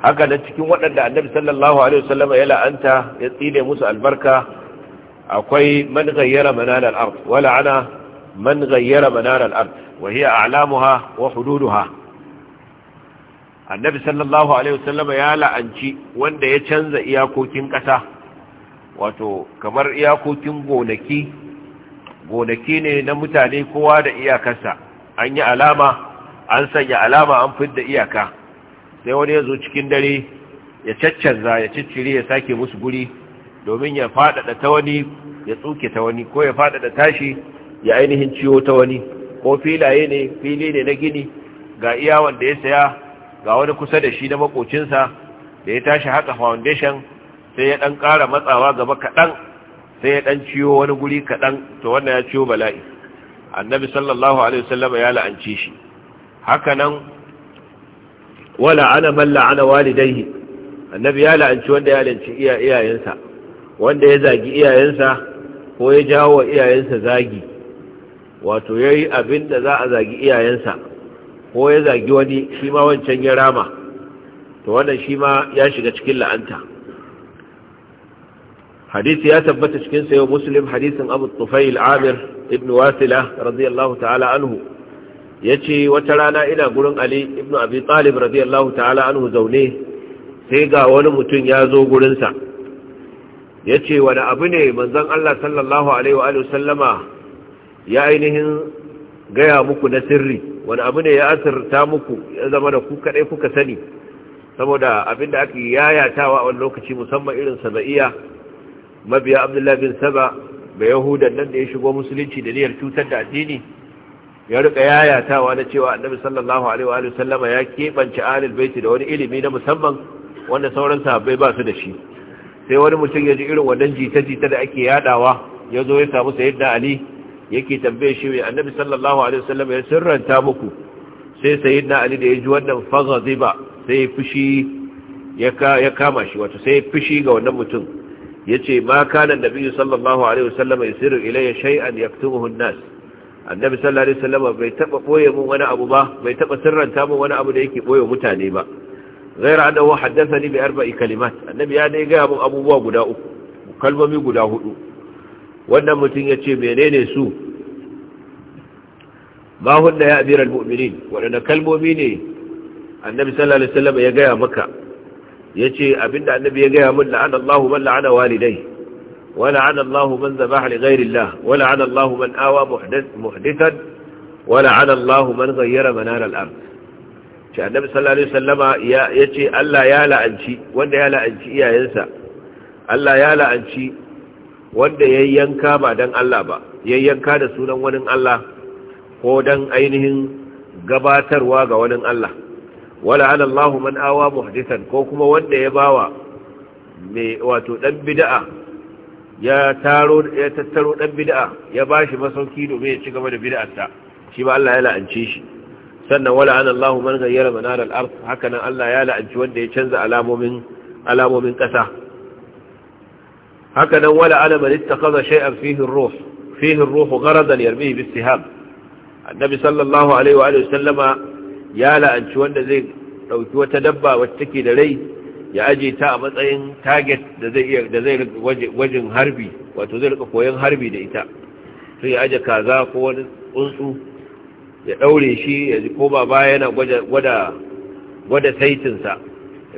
haka da cikin waɗanda annabi sallallahu alaihi wasallam ya la'anta ya tsine musu albarka akwai man ghayyara manar al-ard wala ana man ghayyara manar al-ard wa hiya a'lamuha wa annabi sallallahu alaihi wasallam ya la'anci wanda ya canza iyakokin ƙasa wato kamar iyakokin gonaki gonaki ne na mutane kowa da iyakarsa an yi alama an sanya alama an fidda iyaka sai wani ya zo cikin dare ya caccanza ya ciccire ya sake musu guri domin ya faɗaɗa ta wani ya tsuke ta wani ko ya faɗaɗa tashi ya ainihin ciwo ta wani ko filaye ne fili ne na gini ga iya wanda ya saya ga wani kusa da shi na makocinsa da ya tashi haka foundation sai ya dan ƙara matsawa gaba kaɗan sai ya dan ciwo wani guri kaɗan to wannan ya ciwo bala'i annabi sallallahu alaihi wasallam ya la'anci shi haka nan wala ana man la'ana walidayhi annabi ya la'anci wanda ya la'anci iyayensa wanda ya zagi iyayensa ko ya jawo iyayensa zagi wato yayi abin da za a zagi iyayensa ko ya zagi wani shi ma wancan ya rama to wannan shi ma ya shiga cikin la'anta hadisi ya tabbata cikin sayo muslim hadisin abu tufail amir ibn wasila radiyallahu ta'ala anhu ya ce wata rana ina gurin ali ibn abi talib radiyallahu ta'ala anhu zaune sai ga wani mutum ya zo gurinsa ya ce wani abu ne manzan allah sallallahu alaihi wa sallama ya ainihin gaya muku na sirri wani abu ne ya asirta muku ya zama da ku kaɗai kuka sani saboda abinda ake yayatawa a wani lokaci musamman irin saba'iya mabiya abdullahi bin saba bai yahudan nan da ya shigo musulunci da niyyar cutar da addini ya rika yayatawa na cewa annabi sallallahu alaihi wa sallama ya keɓance alil baiti da wani ilimi na musamman wanda sauran sahabbai ba su da shi sai wani mutum ya ji irin wannan jita-jita da ake yadawa ya zo ya samu sayyidina ali yake tambaye shi annabi sallallahu alaihi wasallam ya sirranta muku sai sayyidina ali da ya ji wannan faghaziba sai ya fushi ya kama shi wato sai ya fushi ga wannan mutum yace ma kana annabi sallallahu alaihi wasallam yasiru ilayya shay'an yaktubuhu an-nas annabi sallallahu alaihi wasallam bai taba boye mun wani abu ba bai taba sirranta mun wani abu da yake boye mutane ba غير أنه حدثني بأربع كلمات النبي يعني قام أبو بوا قداؤه وكلمة قداؤه wannan mutum ya ce menene su ma hunna ya amiral mu'minin waɗanda kalmomi ne annabi sallallahu alaihi wasallam ya gaya maka ya ce abinda annabi ya gaya min la'ana Allahu man la'ana walidai wa la'ana Allahu man zabaha li ghairi Allah wa la'ana Allahu man awa muhdithan wa la'ana Allahu man ghayyara manar al-ard ce annabi sallallahu alaihi wasallama ya ce Allah ya la'anci wanda ya la'anci iyayensa Allah ya la'anci wanda ya yanka ba dan Allah ba ya yanka da sunan wani Allah ko dan ainihin gabatarwa ga wani Allah wala alallahu man awa muhdisan ko kuma wanda ya bawa mai wato dan bid'a ya taro ya tattaro dan bid'a ya bashi masauki domin ya ci gaba da ta shi ba Allah ya la'anci shi sannan wala anallahu man ghayyara manar al-ard hakanan Allah ya la'anci wanda ya canza alamomin alamomin kasa haka nan wala ala man ittakhadha shay'an fihi ar-ruh fihi ar-ruh gharadan annabi sallallahu ya la'anci wanda zai dauki wata dabba wacce take da rai ya aje a matsayin taget da zai iya da harbi wato zai rika koyon harbi da ita to ya aje kaza ko wani tsuntsu ya daure shi ko baba yana gwada gwada gwada saitin sa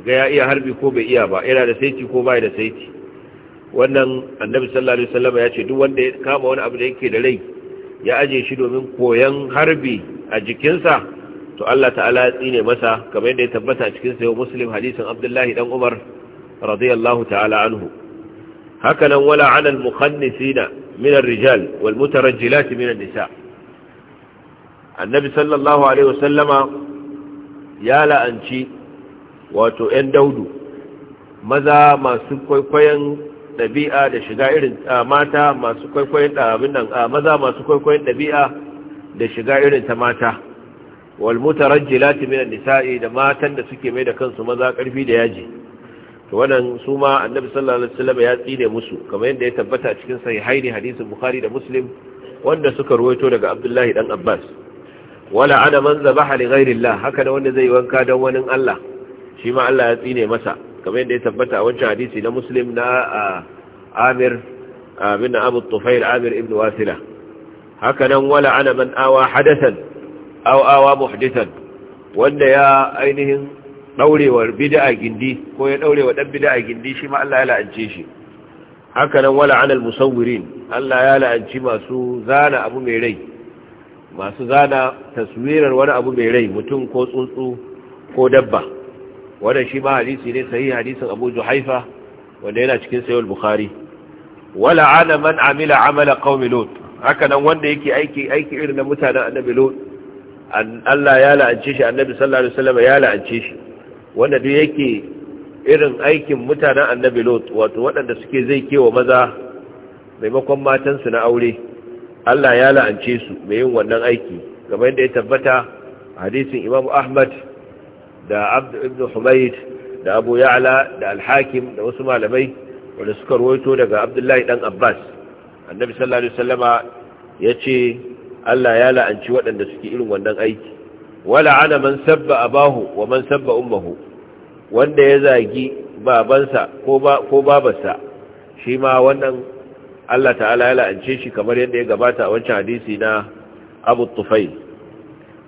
iya harbi ko bai iya ba yana da saiti ko bai da saiti wannan annabi sallallahu alaihi wasallam ya ce duk wanda ya kama wani abu da yake da rai ya aje shi domin koyan harbi a jikinsa to Allah ta'ala ya tsine masa kamar yadda ya tabbata cikin sahih muslim hadisin abdullahi dan umar radiyallahu ta'ala anhu haka nan wala 'ala al-mukhannisina min ar-rijal wal mutarajjilat min an-nisa annabi sallallahu alaihi wasallama ya la'anci wato 'yan daudu maza masu kwaikwayon ɗabi'a da shiga irin mata masu kwaikwayon ɗab'in nan maza masu kwaikwayon ɗabi'a da shiga irin ta mata Walmuta, mutarajjilati minan nisa'i da matan da suke mai da kansu maza ƙarfi da yaji to wannan su ma annabi sallallahu alaihi wasallam ya tsine musu kamar yadda ya tabbata a cikin sahihaini hadisin bukhari da muslim wanda suka ruwaito daga abdullahi dan abbas wala ana man zabaha li haka da wanda zai wanka dan wani Allah shi ma Allah ya tsine masa kamar yadda ya tabbata a wancan hadisi na muslim na amir bin abu amir ibn wasila hakanan nan wala ana man awa hadasan aw awa muhdisan wanda ya ainihin daurewar bid'a gindi ko ya daurewa dan bid'a gindi shi ma Allah ya la'ance shi Hakanan nan wala ana musawwirin Allah ya la'anci masu zana abu mai rai masu zana taswirar wani abu mai rai mutum ko tsuntsu ko dabba wannan shi ma hadisi ne sahihi hadisin Abu Juhaifa wanda yana cikin sahih bukhari wala ana man amila amala qaumi lut haka nan wanda yake aiki aiki irin na mutanen annabi lut Allah ya la'ance shi annabi sallallahu alaihi wasallam ya la'ance shi wanda duk yake irin aikin mutanen annabi lot wato waɗanda suke zai kewa maza maimakon matansu na aure Allah ya la'ance su mai yin wannan aiki game yadda ya tabbata hadisin Imam ahmad da Abdu ibn humayd da abu ya'la da al-hakim da wasu malamai wanda suka ruwaito daga abdullahi dan abbas annabi sallallahu alaihi wasallama yace Allah ya la'anci waɗanda suke irin wannan aiki wala ana man sabba abahu wa man sabba ummuhu wanda ya zagi babansa ko ba ko babarsa shi ma wannan Allah ta'ala ya la'ance shi kamar yadda ya gabata a wancan hadisi na Abu Tufail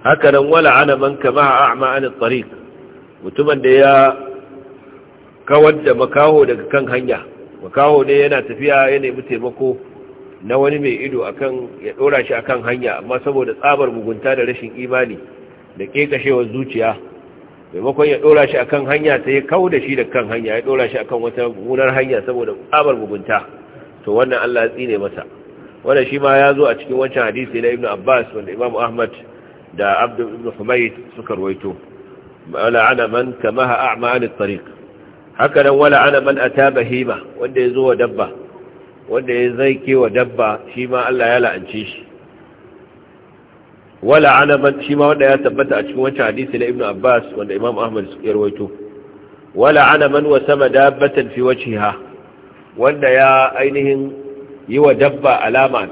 haka nan wala ana man kama a'ma an at-tariq mutumin da ya kawar da makaho daga kan hanya makaho ne yana tafiya ya nemi taimako na wani mai ido akan ya dora shi akan hanya amma saboda tsabar mugunta da rashin imani da kekashewar zuciya maimakon ya dora shi akan hanya ta ya kawo da shi da kan hanya ya dora shi akan wata munar hanya saboda tsabar mugunta to wannan Allah ya tsine masa wannan shi ma ya zo a cikin wancan hadisi na Ibn Abbas wanda Imam Ahmad da Abdul Ibn Humayd suka rawaito la'ana man kamaha a'ma an at-tariq haka nan wala ana man ata Hima wanda yazo wa dabba wanda ya zaike wa dabba shi ma Allah ya la'ance shi wala ana man shi ma wanda ya tabbata a cikin wancan hadisi na Ibn Abbas wanda Imam Ahmad ya rawaito wala ana man wasama dabbatan fi wajhiha wanda ya ainihin yi wa dabba alama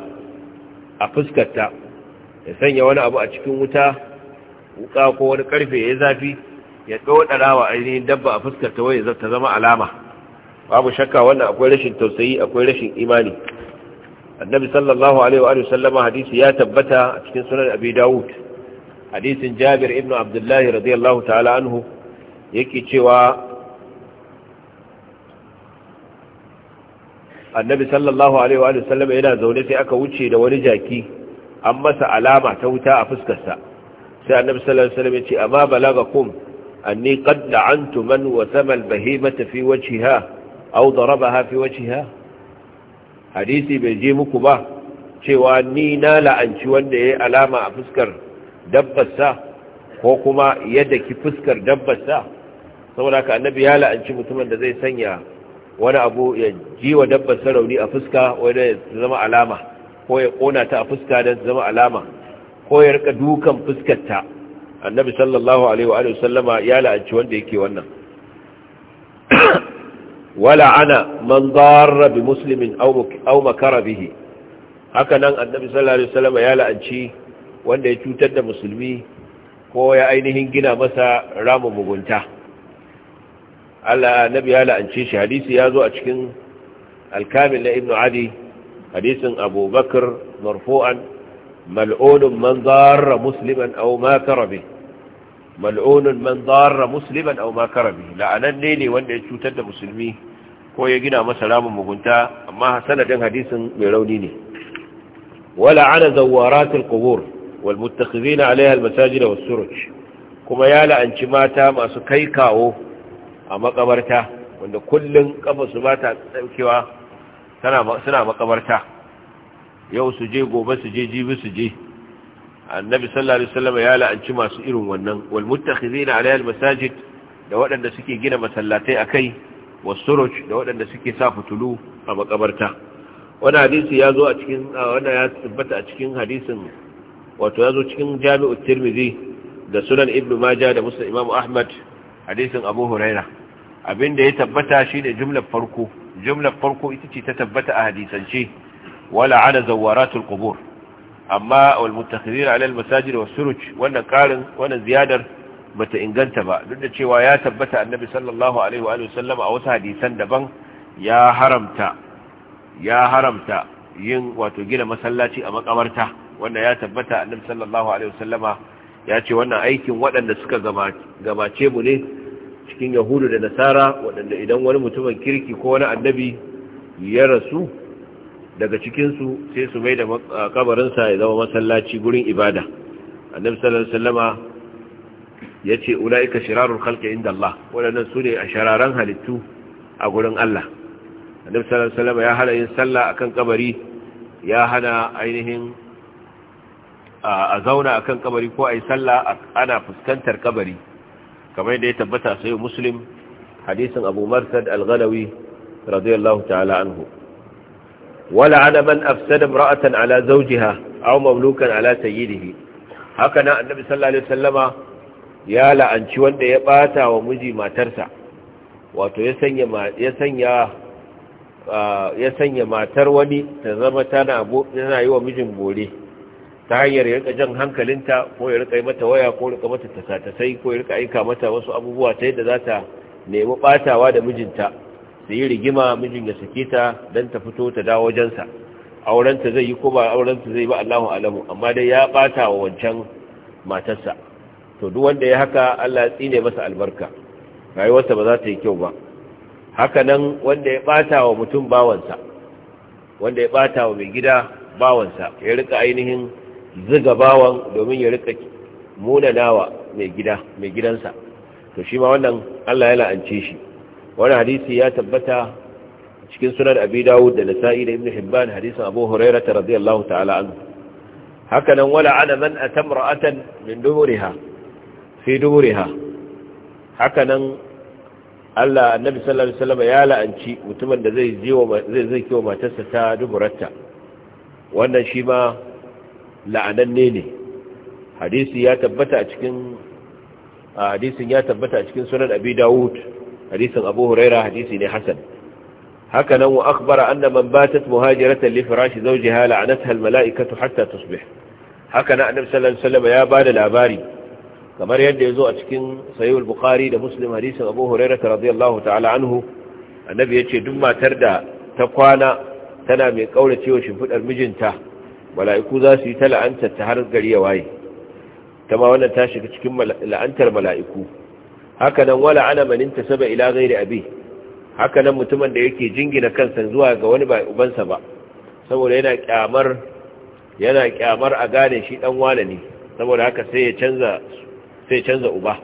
a fuskarta ya sanya wani abu a cikin wuta wuka ko wani karfe ya zafi ya gawadara wa ainihin dabba a fuskar ta waye ta zama alama babu shakka wannan akwai rashin tausayi akwai rashin imani annabi sallallahu alaihi wa sallama hadisi ya tabbata a cikin sunan abi dawud hadisin jabir ibn abdullahi radiyallahu ta'ala anhu yake cewa annabi sallallahu alaihi wa sallama yana zaune sai aka wuce da wani jaki an masa alama ta wuta a fuskarsa sai annabi sallallahu alaihi wasallam yace amma balagakum anni qad da'antu man wasama al fi wajhiha aw darabaha fi wajhiha hadisi bai je muku ba cewa ni na la'anci wanda yayi alama a fuskar dabbarsa ko kuma yadda ki fuskar dabbarsa saboda haka annabi ya la'anci mutumin da zai sanya wani abu ya ji wa dabbar sarauni a fuska wanda ya zama alama ko ya kona ta a fuska don zama alama ko ya rika dukan fuskarta annabi sallallahu alaihi wa sallama ya la'anci wanda yake wannan wala ana man darra bi muslimin aw makara bihi haka nan annabi sallallahu alaihi wa sallama ya la'anci wanda ya cutar da musulmi ko ya ainihin gina masa ramu mugunta Allah annabi ya la'anci shi hadisi ya zo a cikin alkamil na ibnu adi hadisin abubakar marfu'an mal'unun man zarra musliman karabe la'ananne ne wanda ya cutar da musulmi ko ya gina masa ramin mugunta amma sanadin hadisin mai rauni ne wala ana zawaratul qubur wal muttakhizina alaiha al masajid was kuma ya la'anci mata masu kai kawo a makabarta wanda kullum kafa su ba ta daukewa suna makabarta yau su je gobe su je jibi su je annabi sallallahu alaihi wasallam ya la'anci masu irin wannan wal muttakhizina alayhi masajid da waɗanda suke gina masallatai akai wasuruj da waɗanda suke sa fitulu a makabarta wannan hadisi ya zo a cikin wannan ya tabbata a cikin hadisin wato ya zo cikin Jami'u, tirmidhi da sunan ibnu majah da Musa imam ahmad hadisin abu huraira abinda ya tabbata shine jumlar farko jumlar farko ita ce ta tabbata a hadisance wala ala zawaratul qubur amma wal muttakhidin ala al masajid was suruj wannan karin wannan ziyadar bata inganta ba duk da cewa ya tabbata annabi sallallahu alaihi wa sallam a wasu hadisan daban ya haramta ya haramta yin wato gina masallaci a makamarta wanda ya tabbata annabi sallallahu alaihi ya ce wannan aikin waɗanda suka gabace mu ne cikin yahudu da nasara waɗanda idan wani mutumin kirki ko wani annabi ya rasu daga cikinsu sai su mai da kabarinsa ya zama masallaci gurin ibada annabi sallallahu alaihi wasallama ya ce ula'ika shirarun halka inda Allah waɗannan su ne a shararan halittu a gurin Allah annabi sallallahu alaihi wasallama ya hana yin sallah akan kabari ya hana ainihin a zauna akan kabari ko ai sallah ana fuskantar kabari kamar da ya tabbata sai muslim hadisin abu marsad al ghalawi radiyallahu ta'ala anhu ولعن من أفسد امرأة على زوجها أو مملوكا على سيده هكذا النبي صلى الله عليه وسلم ya la'anci wanda ya bata wa miji matarsa wato ya sanya matar wani ta zama tana yana yi wa mijin gore, ta hanyar ya rika jan hankalinta ko ya rika yi mata waya ko rika mata tasa, ta sai ko ya rika aika mata wasu abubuwa ta yadda za ta nemi batawa da mijinta su yi rigima mijin ya sake ta don ta fito ta dawo wajensa aurenta zai yi ko ba aurenta zai ba Allahu alamu amma dai ya bata wa wancan matarsa to duk wanda ya haka Allah ya tsine masa albarka rayuwarsa ba za ta yi kyau ba haka nan wanda ya bata wa mutum bawansa wanda ya bata wa mai gida bawansa ya rika ainihin ziga bawan domin ya rika munanawa mai gida mai gidansa to shi ma wannan Allah ya la'ance shi wani hadisi ya tabbata cikin sunan abi dawud da nasa'i da ibn hibban hadisin abu hurairah radiyallahu ta'ala anhu haka nan wala ana man atamra'atan min duhuriha fi duhuriha haka nan Allah annabi sallallahu alaihi wasallam ya la'anci mutumin da zai jiwa zai zai kiwo matarsa ta duburarta wannan shi ma la'ananne ne hadisi ya tabbata a cikin hadisin ya tabbata a cikin sunan abi dawud hadisin abu huraira hadisi ne hasan haka nan wa akhbara anna man batat muhajiratan li firashi zawjiha la'anatha al mala'ikatu hatta tusbih haka nan annabi sallallahu alaihi ya bada labari kamar yadda ya zo a cikin sahih al da muslim hadisin abu huraira radiyallahu ta'ala anhu annabi ce duk matar da ta kwana tana mai kauracewa shimfidar mijinta mala'iku za su yi ta la'antar ta har gari ya waye ta ma wannan ta shiga cikin la'antar mala'iku haka nan wala ana ta saba ila gairi abi haka nan mutumin da yake jingina kansa zuwa ga wani ba ubansa ba saboda yana kyamar yana kyamar a gane shi dan wala ne saboda haka sai ya canza sai canza uba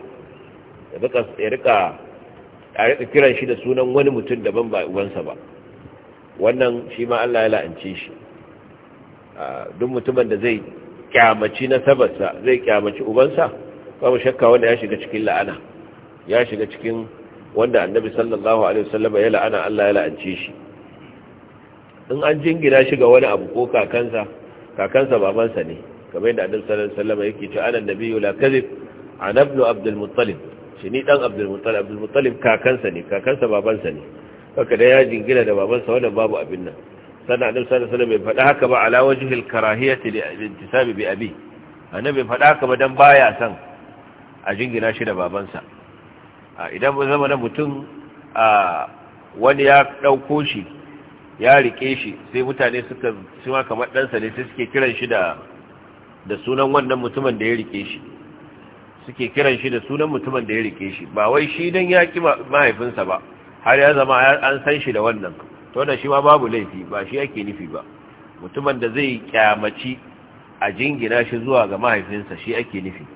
ya rika a rika kiran shi da sunan wani mutum daban ba ubansa ba wannan shi ma Allah ya la'ance shi duk mutumin da zai kyamaci nasabarsa zai kyamaci ubansa mu shakka wanda ya shiga cikin la'ana ya shiga cikin wanda annabi sallallahu alaihi wasallam ya la'ana Allah ya la'ance shi in an jingina shi ga wani abu ko kakansa kakansa babansa ne kamar yadda annabi sallallahu alaihi wasallam yake cewa anan nabiyyu la kadhib an ibn abdul muttalib shi ni dan abdul muttalib abdul muttalib kakansa ne kakansa babansa ne haka da ya jingina da babansa wannan babu abin nan sannan annabi sallallahu alaihi wasallam bai faɗa haka ba ala wajhil karahiyati li intisabi bi abi annabi bai faɗa haka ba dan baya san a jingina shi da babansa idan ba zama na mutum wani ya ɗauko shi ya riƙe shi sai mutane suka suma kamar ɗansa ne sai suke kiran shi da sunan wannan mutumin da ya rike shi suke kiran shi da sunan mutumin da ya rike shi ba wai shi don ya ƙi mahaifinsa ba har ya zama an san shi da wannan to da shi ma babu laifi ba shi ake nufi ba mutumin da zai kyamaci a jingina shi zuwa ga mahaifinsa shi ake nufi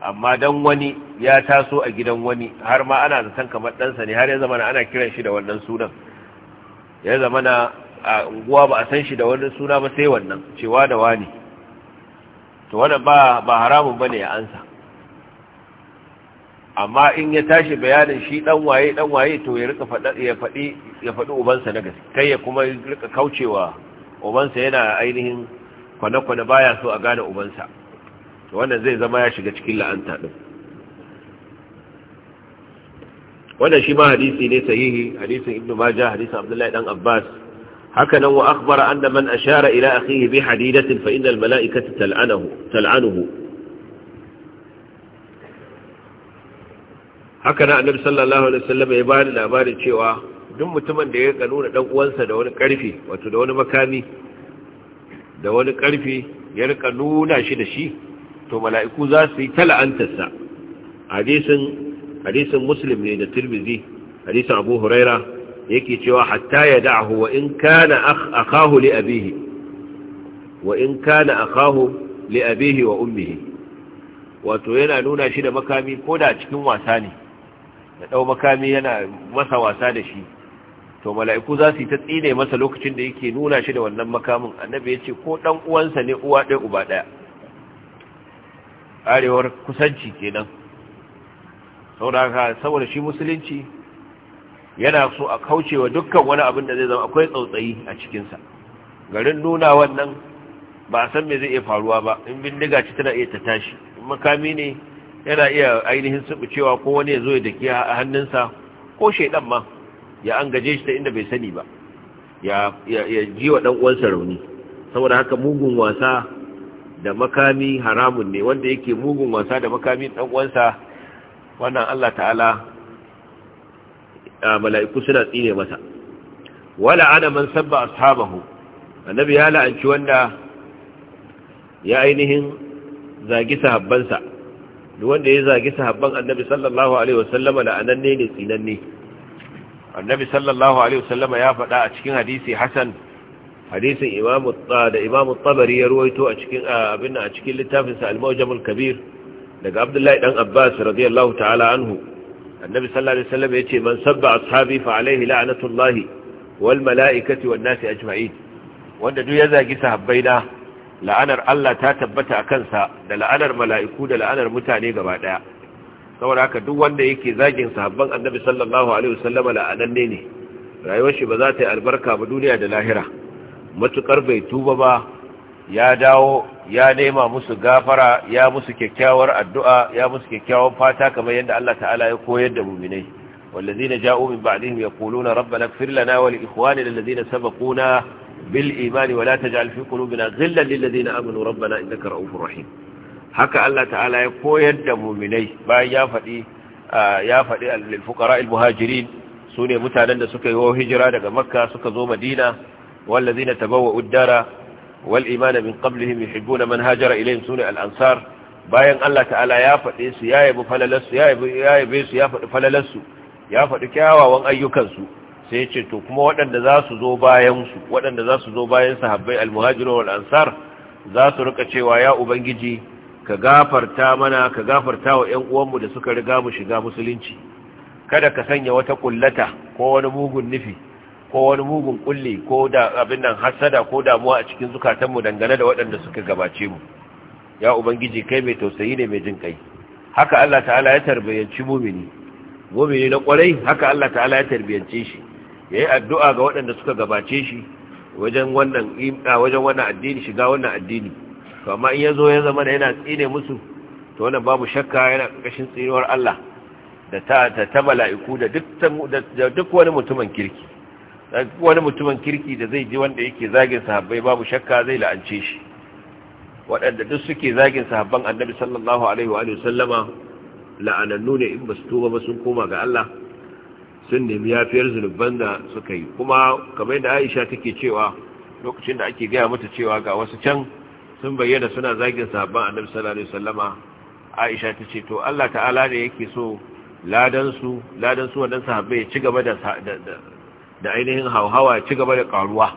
amma dan wani ya taso a gidan wani har ma ana zaton kamar ɗansa ne har ya zama ana kiran shi da wannan sunan ya zama na a unguwa ba a san shi da wani suna ba sai wannan cewa da wani to wannan ba ba haramun bane ya ansa amma in ya tashi bayanin shi dan waye dan waye to ya rika fada ya fadi ya fadi ubansa na gaske kai ya kuma rika kaucewa ubansa yana ainihin kwana-kwana baya so a gane ubansa to wannan zai zama ya shiga cikin la'anta din wannan shi ma hadisi ne sahihi hadisin Ibn majah hadisin abdullahi dan abbas haka nan wa akhbara anna man ashara ila akhihi bi hadidatin fa innal mala'ikata tal'anahu tal'anuhu haka nan annabi sallallahu alaihi wasallam ya bani labarin cewa duk mutumin da ya kanuna dan uwansa da wani karfi wato da wani makami da wani karfi ya rika nuna shi da shi to mala'iku za su yi tala'antarsa hadisin muslim ne da tirmizi hadisin abu huraira yake cewa hatta ya da'ahu wa in kana a kahu abihi wa wa ummihi wato yana nuna shi da makami ko da cikin wasa ne da ɗau makami yana masa wasa da shi to mala'iku za su yi ta tsine masa lokacin da yake nuna shi da wannan makamin annabi ya ce ko ɗan uwansa ne uwa ɗaya uba ɗaya karewar kusanci kenan ka saboda shi musulunci yana so a kaucewa dukkan wani abin da zai zama akwai tsautsayi a cikinsa garin nuna wannan ba a san me zai iya faruwa ba in bindiga ci tana iya ta tashi in makami ne yana iya ainihin cewa ko wani ya zo ya daki a hannunsa ko shaidan ma ya an gaje shi ta inda bai sani ba ya ji wa ɗan uwansa rauni saboda haka mugun wasa da makami haramun ne wanda yake mugun wasa da makami dan uwansa wannan Allah ta'ala mala'iku suna tsine masa wala ana man sabba ashabahu annabi ya la'anci wanda ya ainihin zagi sahabbansa da wanda ya zagi sahabban annabi sallallahu alaihi wasallama la'ananne ne tsinanne annabi sallallahu alaihi wasallama ya faɗa a cikin hadisi hasan hadisin Imam da tabari ya ruwaito a cikin abin a cikin littafinsa al-mawjamul kabir daga abdullahi dan abbas radiyallahu ta'ala anhu annabi sallallahu alaihi wasallam yace man sabba ashabi fa alaihi la'natullahi wal mala'ikati wan nasi ajma'in wanda duk ya zagi sahabbaina la'anar Allah ta tabbata a kansa da la'anar mala'iku da la'anar mutane gaba daya saboda haka duk wanda yake zagin sahabban annabi sallallahu alaihi wasallam la'ananne ne rayuwar shi ba za ta yi albarka ba duniya da lahira matukar bai tuba ba ya dawo ya nema musu gafara ya musu kyakkyawar addu'a ya musu kyakkyawar fata kamar yadda Allah ta'ala ya koyar da muminai والذين جاءوا من بعدهم يقولون ربنا اغفر لنا ولإخواننا الذين سبقونا بالإيمان ولا تجعل في قلوبنا غلا للذين آمنوا ربنا إنك رؤوف رحيم haka Allah ta'ala ya koyar da muminai bayan ya fadi ya faɗi al-fuqara al-muhajirin sune mutanen da suka yi hijira daga makka suka zo madina والذين تبوأوا الدار والإيمان من قبلهم يحبون من هاجر إليهم سنة الأنصار bayan Allah ta'ala ya faɗe su ya yabi falalarsu ya yabe su ya faɗi falalarsu ya faɗi kyawawan ayyukansu sai ce to kuma waɗanda za su zo waɗanda za su zo bayan sahabbai almuhajiru wal ansar za su rika cewa ya ubangiji ka gafarta mana ka gafarta wa ƴan uwanmu da suka riga mu shiga musulunci kada ka sanya wata kullata ko wani mugun nufi ko wani mugun kulli ko da abin nan hasada ko damuwa a cikin zukatanmu dangane da waɗanda suka gabace mu ya ubangiji kai mai tausayi ne mai jin kai haka Allah ta'ala ya tarbiyanci mumini mumini na kwarai haka Allah ta'ala ya tarbiyance shi yayi addu'a ga waɗanda suka gabace shi wajen wannan wajen wannan addini shiga wannan addini to amma in yazo ya zama da yana tsine musu to wannan babu shakka yana ƙarƙashin tsinuwar Allah da ta ta mala'iku da duk wani mutumin kirki wani mutumin kirki da zai ji wanda yake zagin sahabbai babu shakka zai la'ance shi waɗanda duk suke zagin sahabban annabi sallallahu alaihi wa sallama la'anannu ne in ba su tuba ba sun koma ga Allah sun nemi yafiyar zunuban da suka yi kuma kamar yadda Aisha take cewa lokacin da ake gaya mata cewa ga wasu can sun bayyana suna zagin sahabban annabi sallallahu alaihi wa sallama Aisha ta ce to Allah ta'ala ne yake so ladan su ladan su wadansu sahabbai ya ci gaba da da ainihin hauhawa ci gaba da karuwa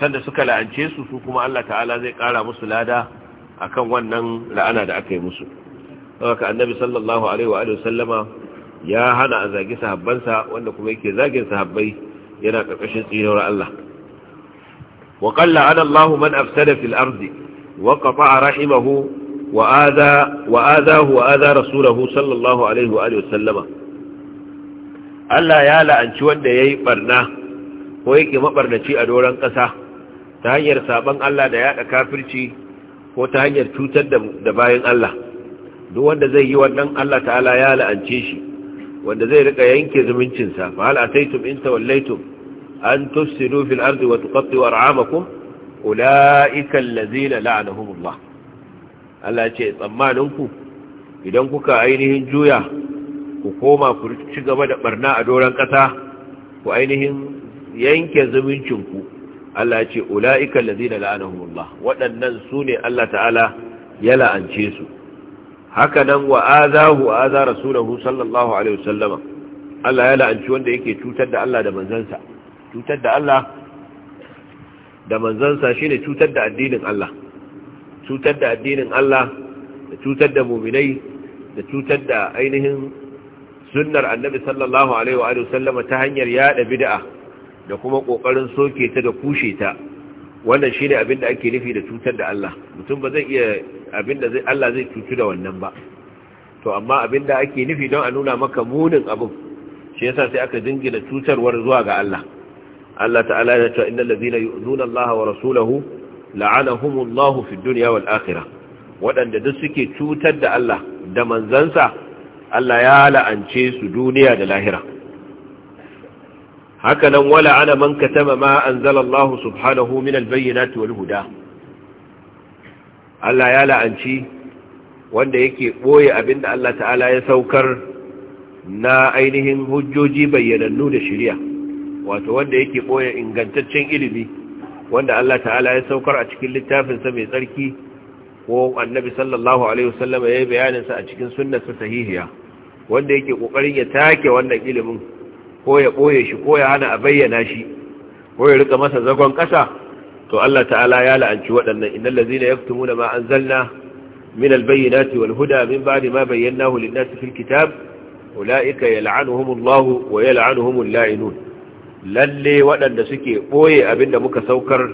sanda suka la'ance su su kuma Allah ta'ala zai kara musu lada akan wannan la'ana da aka yi musu saboda annabi sallallahu alaihi wa alihi sallama ya hana a zagi sahabbansa wanda kuma yake zagin sahabbai yana karkashin tsirar Allah wa qalla ana Allah man afsada fil ardi wa qata'a rahimahu wa adha wa adahu wa adha rasulahu sallallahu alaihi wa alihi sallama Allah ya la'anci wanda ya yi barna ko ya ke maɓarnaci a doron ƙasa ta hanyar saban Allah da yaɗa kafirci ko ta hanyar cutar da bayan Allah duk wanda zai yi wannan Allah ta'ala ya la'ance shi wanda zai riƙa yanke zumuncinsa fa hal ataytum in tawallaytum an tufsidu fil ardi wa tuqattu arhamakum ulaika allazina la'anahumullah Allah ya ce tsammaninku idan kuka ainihin juya ku koma ku ci gaba da barna a doron ƙasa ku ainihin yanke zumuncinku Allah ce ula'ika lazina la'anahumullah waɗannan su ne Allah ta'ala ya la'ance su haka nan wa azahu wa aza rasulahu sallallahu alaihi wasallama Allah ya la'anci wanda yake cutar da Allah da manzansa cutar da Allah da manzansa shine cutar da addinin Allah cutar da addinin Allah da cutar da muminai da cutar da ainihin sunnar annabi sallallahu alaihi wa sallama ta hanyar yada bid'a da kuma kokarin soke ta da kushe ta wannan shine abin da ake nufi da cutar da Allah mutum ba zai iya abin da Allah zai cutu da wannan ba to amma abin da ake nufi don a nuna maka munin abu, shi yasa sai aka dingina cutarwar zuwa ga Allah Allah ta'ala ya ce innal ladina yu'zuna Allah wa rasulahu la'anahumullahu fid dunya wal akhirah waɗanda duk suke cutar da Allah da manzansa Allah ya la'ance su duniya da lahira haka nan wala ana man katama ma anzalallahu subhanahu min albayyinati wal huda Allah ya la'anci wanda yake boye abinda Allah ta'ala ya saukar na ainihin hujjoji bayyanannu da shari'a wato wanda yake boye ingantaccen ilimi wanda Allah ta'ala ya saukar a cikin littafinsa mai tsarki ko annabi sallallahu alaihi wasallama ya yi bayaninsa a cikin sunnarsa sahihiya wanda yake kokarin ya take wannan ilimin ko ya boye shi ko ya hana a bayyana shi ko ya rika masa zagon kasa to Allah ta'ala ya la'anci waɗannan innal ladzina yaktumuna ma anzalna min albayyinati wal huda min ba'di ma bayyanahu lin-nasi fil kitab ulaika yal'anuhumullahu wa yal'anuhumul la'inun lalle waɗanda suke boye abinda muka saukar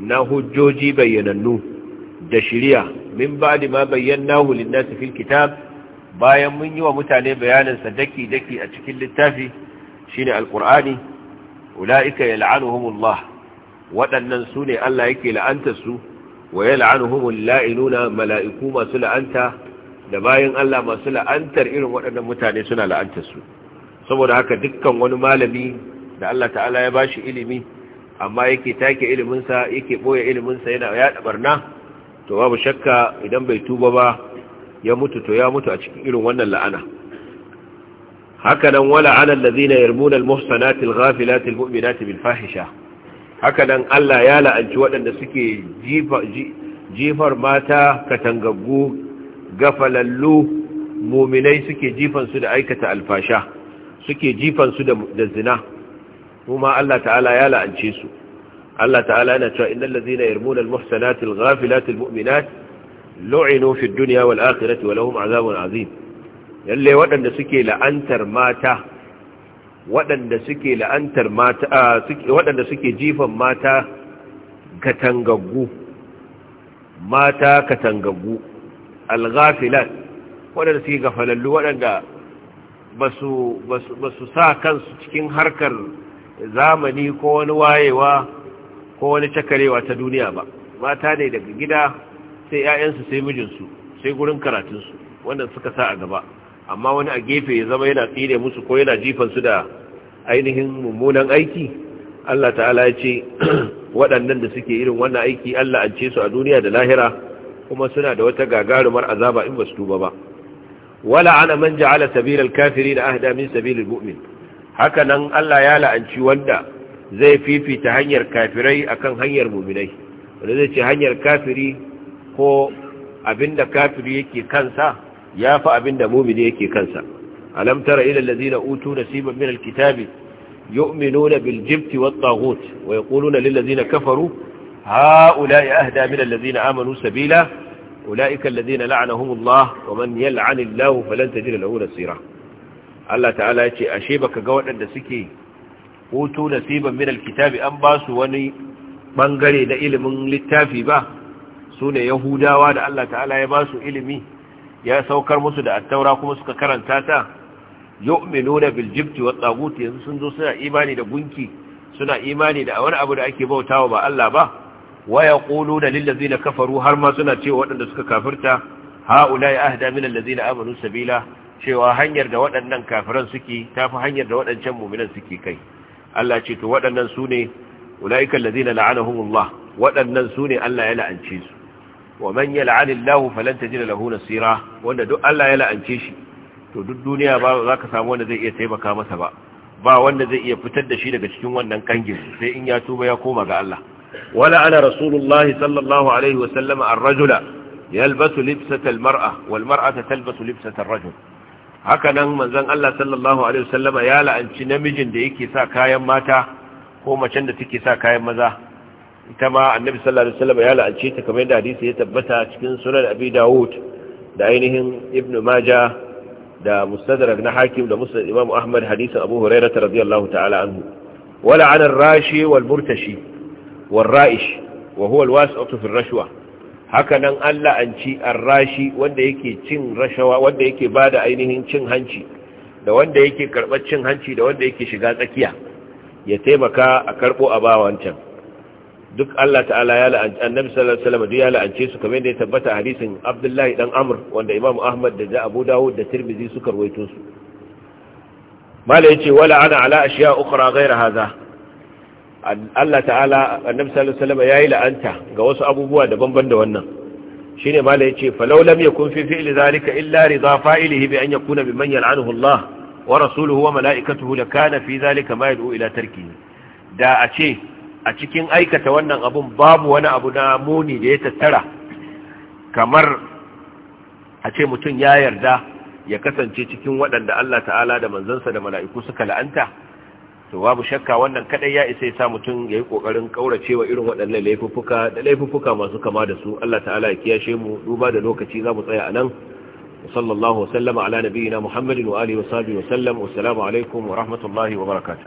na hujjoji bayyanannu da shiriya min ba'di ma bayyanahu lin-nasi fil kitab bayan mun yi wa mutane bayanin daki-daki a cikin littafi shine alkur'ani ula'ika ya la'anuhumullah waɗannan su ne Allah yake la'antarsu wa ya la'anuhumun la'inuna mala'iku masu la'anta da bayan Allah masu la'antar irin waɗannan mutane suna la'antarsu saboda haka dukkan wani malami da Allah ta'ala ya bashi ilimi amma yake take iliminsa yake ɓoye iliminsa yana yaɗa barna to babu shakka idan bai tuba ba ya mutu to ya mutu a cikin irin wannan la'ana haka nan wala ala allazina yarmuna almuhsanati alghafilati almu'minati bilfahisha haka nan Allah ya la'anci waɗanda suke jifar mata katangaggu gafalallu muminai suke jifan su da aikata alfasha suke jifan su da zina kuma Allah ta'ala ya la'ance su Allah ta'ala yana cewa innal ladzina yarmuna almuhsanati alghafilati almu'minati lu'inu fi dunya wal akhirati wa lahum azabun azim yalle waɗanda suke la'antar mata waɗanda suke la'antar mata wadanda suke jifan mata katangaggu mata katangaggu al-ghafilat waɗanda suke gafalallu waɗanda ba su sa kansu cikin harkar zamani ko wani wayewa ko wani cakarewa ta duniya ba mata ne daga gida sai 'ya'yansu sai mijinsu sai gurin karatunsu wanda suka sa a gaba amma wani a gefe ya zama yana tsire musu ko yana jifansu da ainihin mummunan aiki Allah ta'ala ya ce waɗannan da suke irin wannan aiki Allah an ce su a duniya da lahira kuma suna da wata gagarumar azaba in ba su tuba ba wala ana man ja'ala sabilal kafirin ahda min sabilil mu'min haka nan Allah ya la'anci wanda zai fifita hanyar kafirai akan hanyar mu'minai wanda zai ce hanyar kafiri ko abinda kafiri yake kansa ya fi abinda mumini yake kansa alam tara ila allazina utu nasiban min alkitabi yu'minuna bil jibti wat taghut wa yaquluna lil ladzina kafaru haula'i ahda min allazina amanu sabila ulaika allazina la'anahum Allah wa man yal'an Allah falan tajid lahu nasira Allah ta'ala yace ashe baka ga waɗanda suke utu nasiban min alkitabi an basu wani bangare na ilimin littafi ba su ne yahudawa da Allah ta'ala ya ba su ilimi ya saukar musu da attaura kuma suka karanta ta yu'minuna nuna biljibti wa Tsaguti yanzu sun zo suna imani da gunki suna imani da wani abu da ake bautawa ba Allah ba Waya wa da lil ladzina kafaru har ma suna cewa waɗanda suka kafirta haula'i ahda min na amanu sabila cewa hanyar da waɗannan kafiran suke tafi hanyar da waɗancan mu'minan suke kai Allah ce to waɗannan sune ulaika alladzina la'anahumullah waɗannan ne Allah ya la'ance su wa manya yal'anillahu Falanta jina lahu nasira wanda duk Allah ya la'ance shi to duk duniya ba za ka samu wanda zai iya taimaka masa ba ba wanda zai iya fitar da shi daga cikin wannan kangin sai in ya tuba ya koma ga Allah wala ana rasulullah sallallahu alaihi wa sallam ar-rajula yalbasu libsata al-mar'a wal mar'atu talbasu libsata ar-rajul haka nan manzon Allah sallallahu alaihi wa sallama ya la'anci namijin da yake sa kayan mata ko macen da take sa kayan maza ita ma annabi sallallahu alaihi wasallam ya la'ance ta kamar yadda hadisi ya tabbata cikin sunan abi dawud da ainihin ibnu maja da mustadrak na hakim da musnad imam ahmad hadisin abu hurairah radiyallahu ta'ala anhu wala 'ala ar-rashi wal murtashi wal ra'ish wa huwa al-wasi'atu fi ar-rashwa haka nan an la'anci ar-rashi wanda yake cin rashawa wanda yake bada ainihin cin hanci da wanda yake karɓar cin hanci da wanda yake shiga tsakiya ya taimaka a karɓo a bawancan duk Allah ta'ala ya la'anci annabi sallallahu alaihi wasallam ya la'ance su kamar yadda ya tabbata hadisin Abdullahi dan Amr wanda Imam Ahmad da Abu Dawud da Tirmidhi suka rawaito su mala yace wala ana ala ashiya ukhra ghayra hadha Allah ta'ala annabi sallallahu alaihi wasallam yayi la'anta ga wasu abubuwa daban-daban da wannan shine mala yace falau lam yakun fi fi'li zalika illa ridha fa'ilihi bi an yakuna biman yal'anuhu Allah wa rasuluhu wa mala'ikatuhu lakana fi zalika ma yad'u ila tarkihi da a ce a cikin aikata wannan abun babu wani abu na muni da ya tattara kamar a ce mutum ya yarda ya kasance cikin waɗanda Allah ta'ala da manzansa da mala'iku suka la'anta to babu shakka wannan kadai ya isa ya sa mutum ya yi ƙoƙarin kauracewa irin waɗannan laifuffuka da laifuffuka masu kama da su Allah ta'ala ya kiyashe mu duba da lokaci za mu tsaya a nan sallallahu wasallama ala nabiyina muhammadin wa alihi wa sahbihi wa sallam alaikum wa rahmatullahi wa barakatuh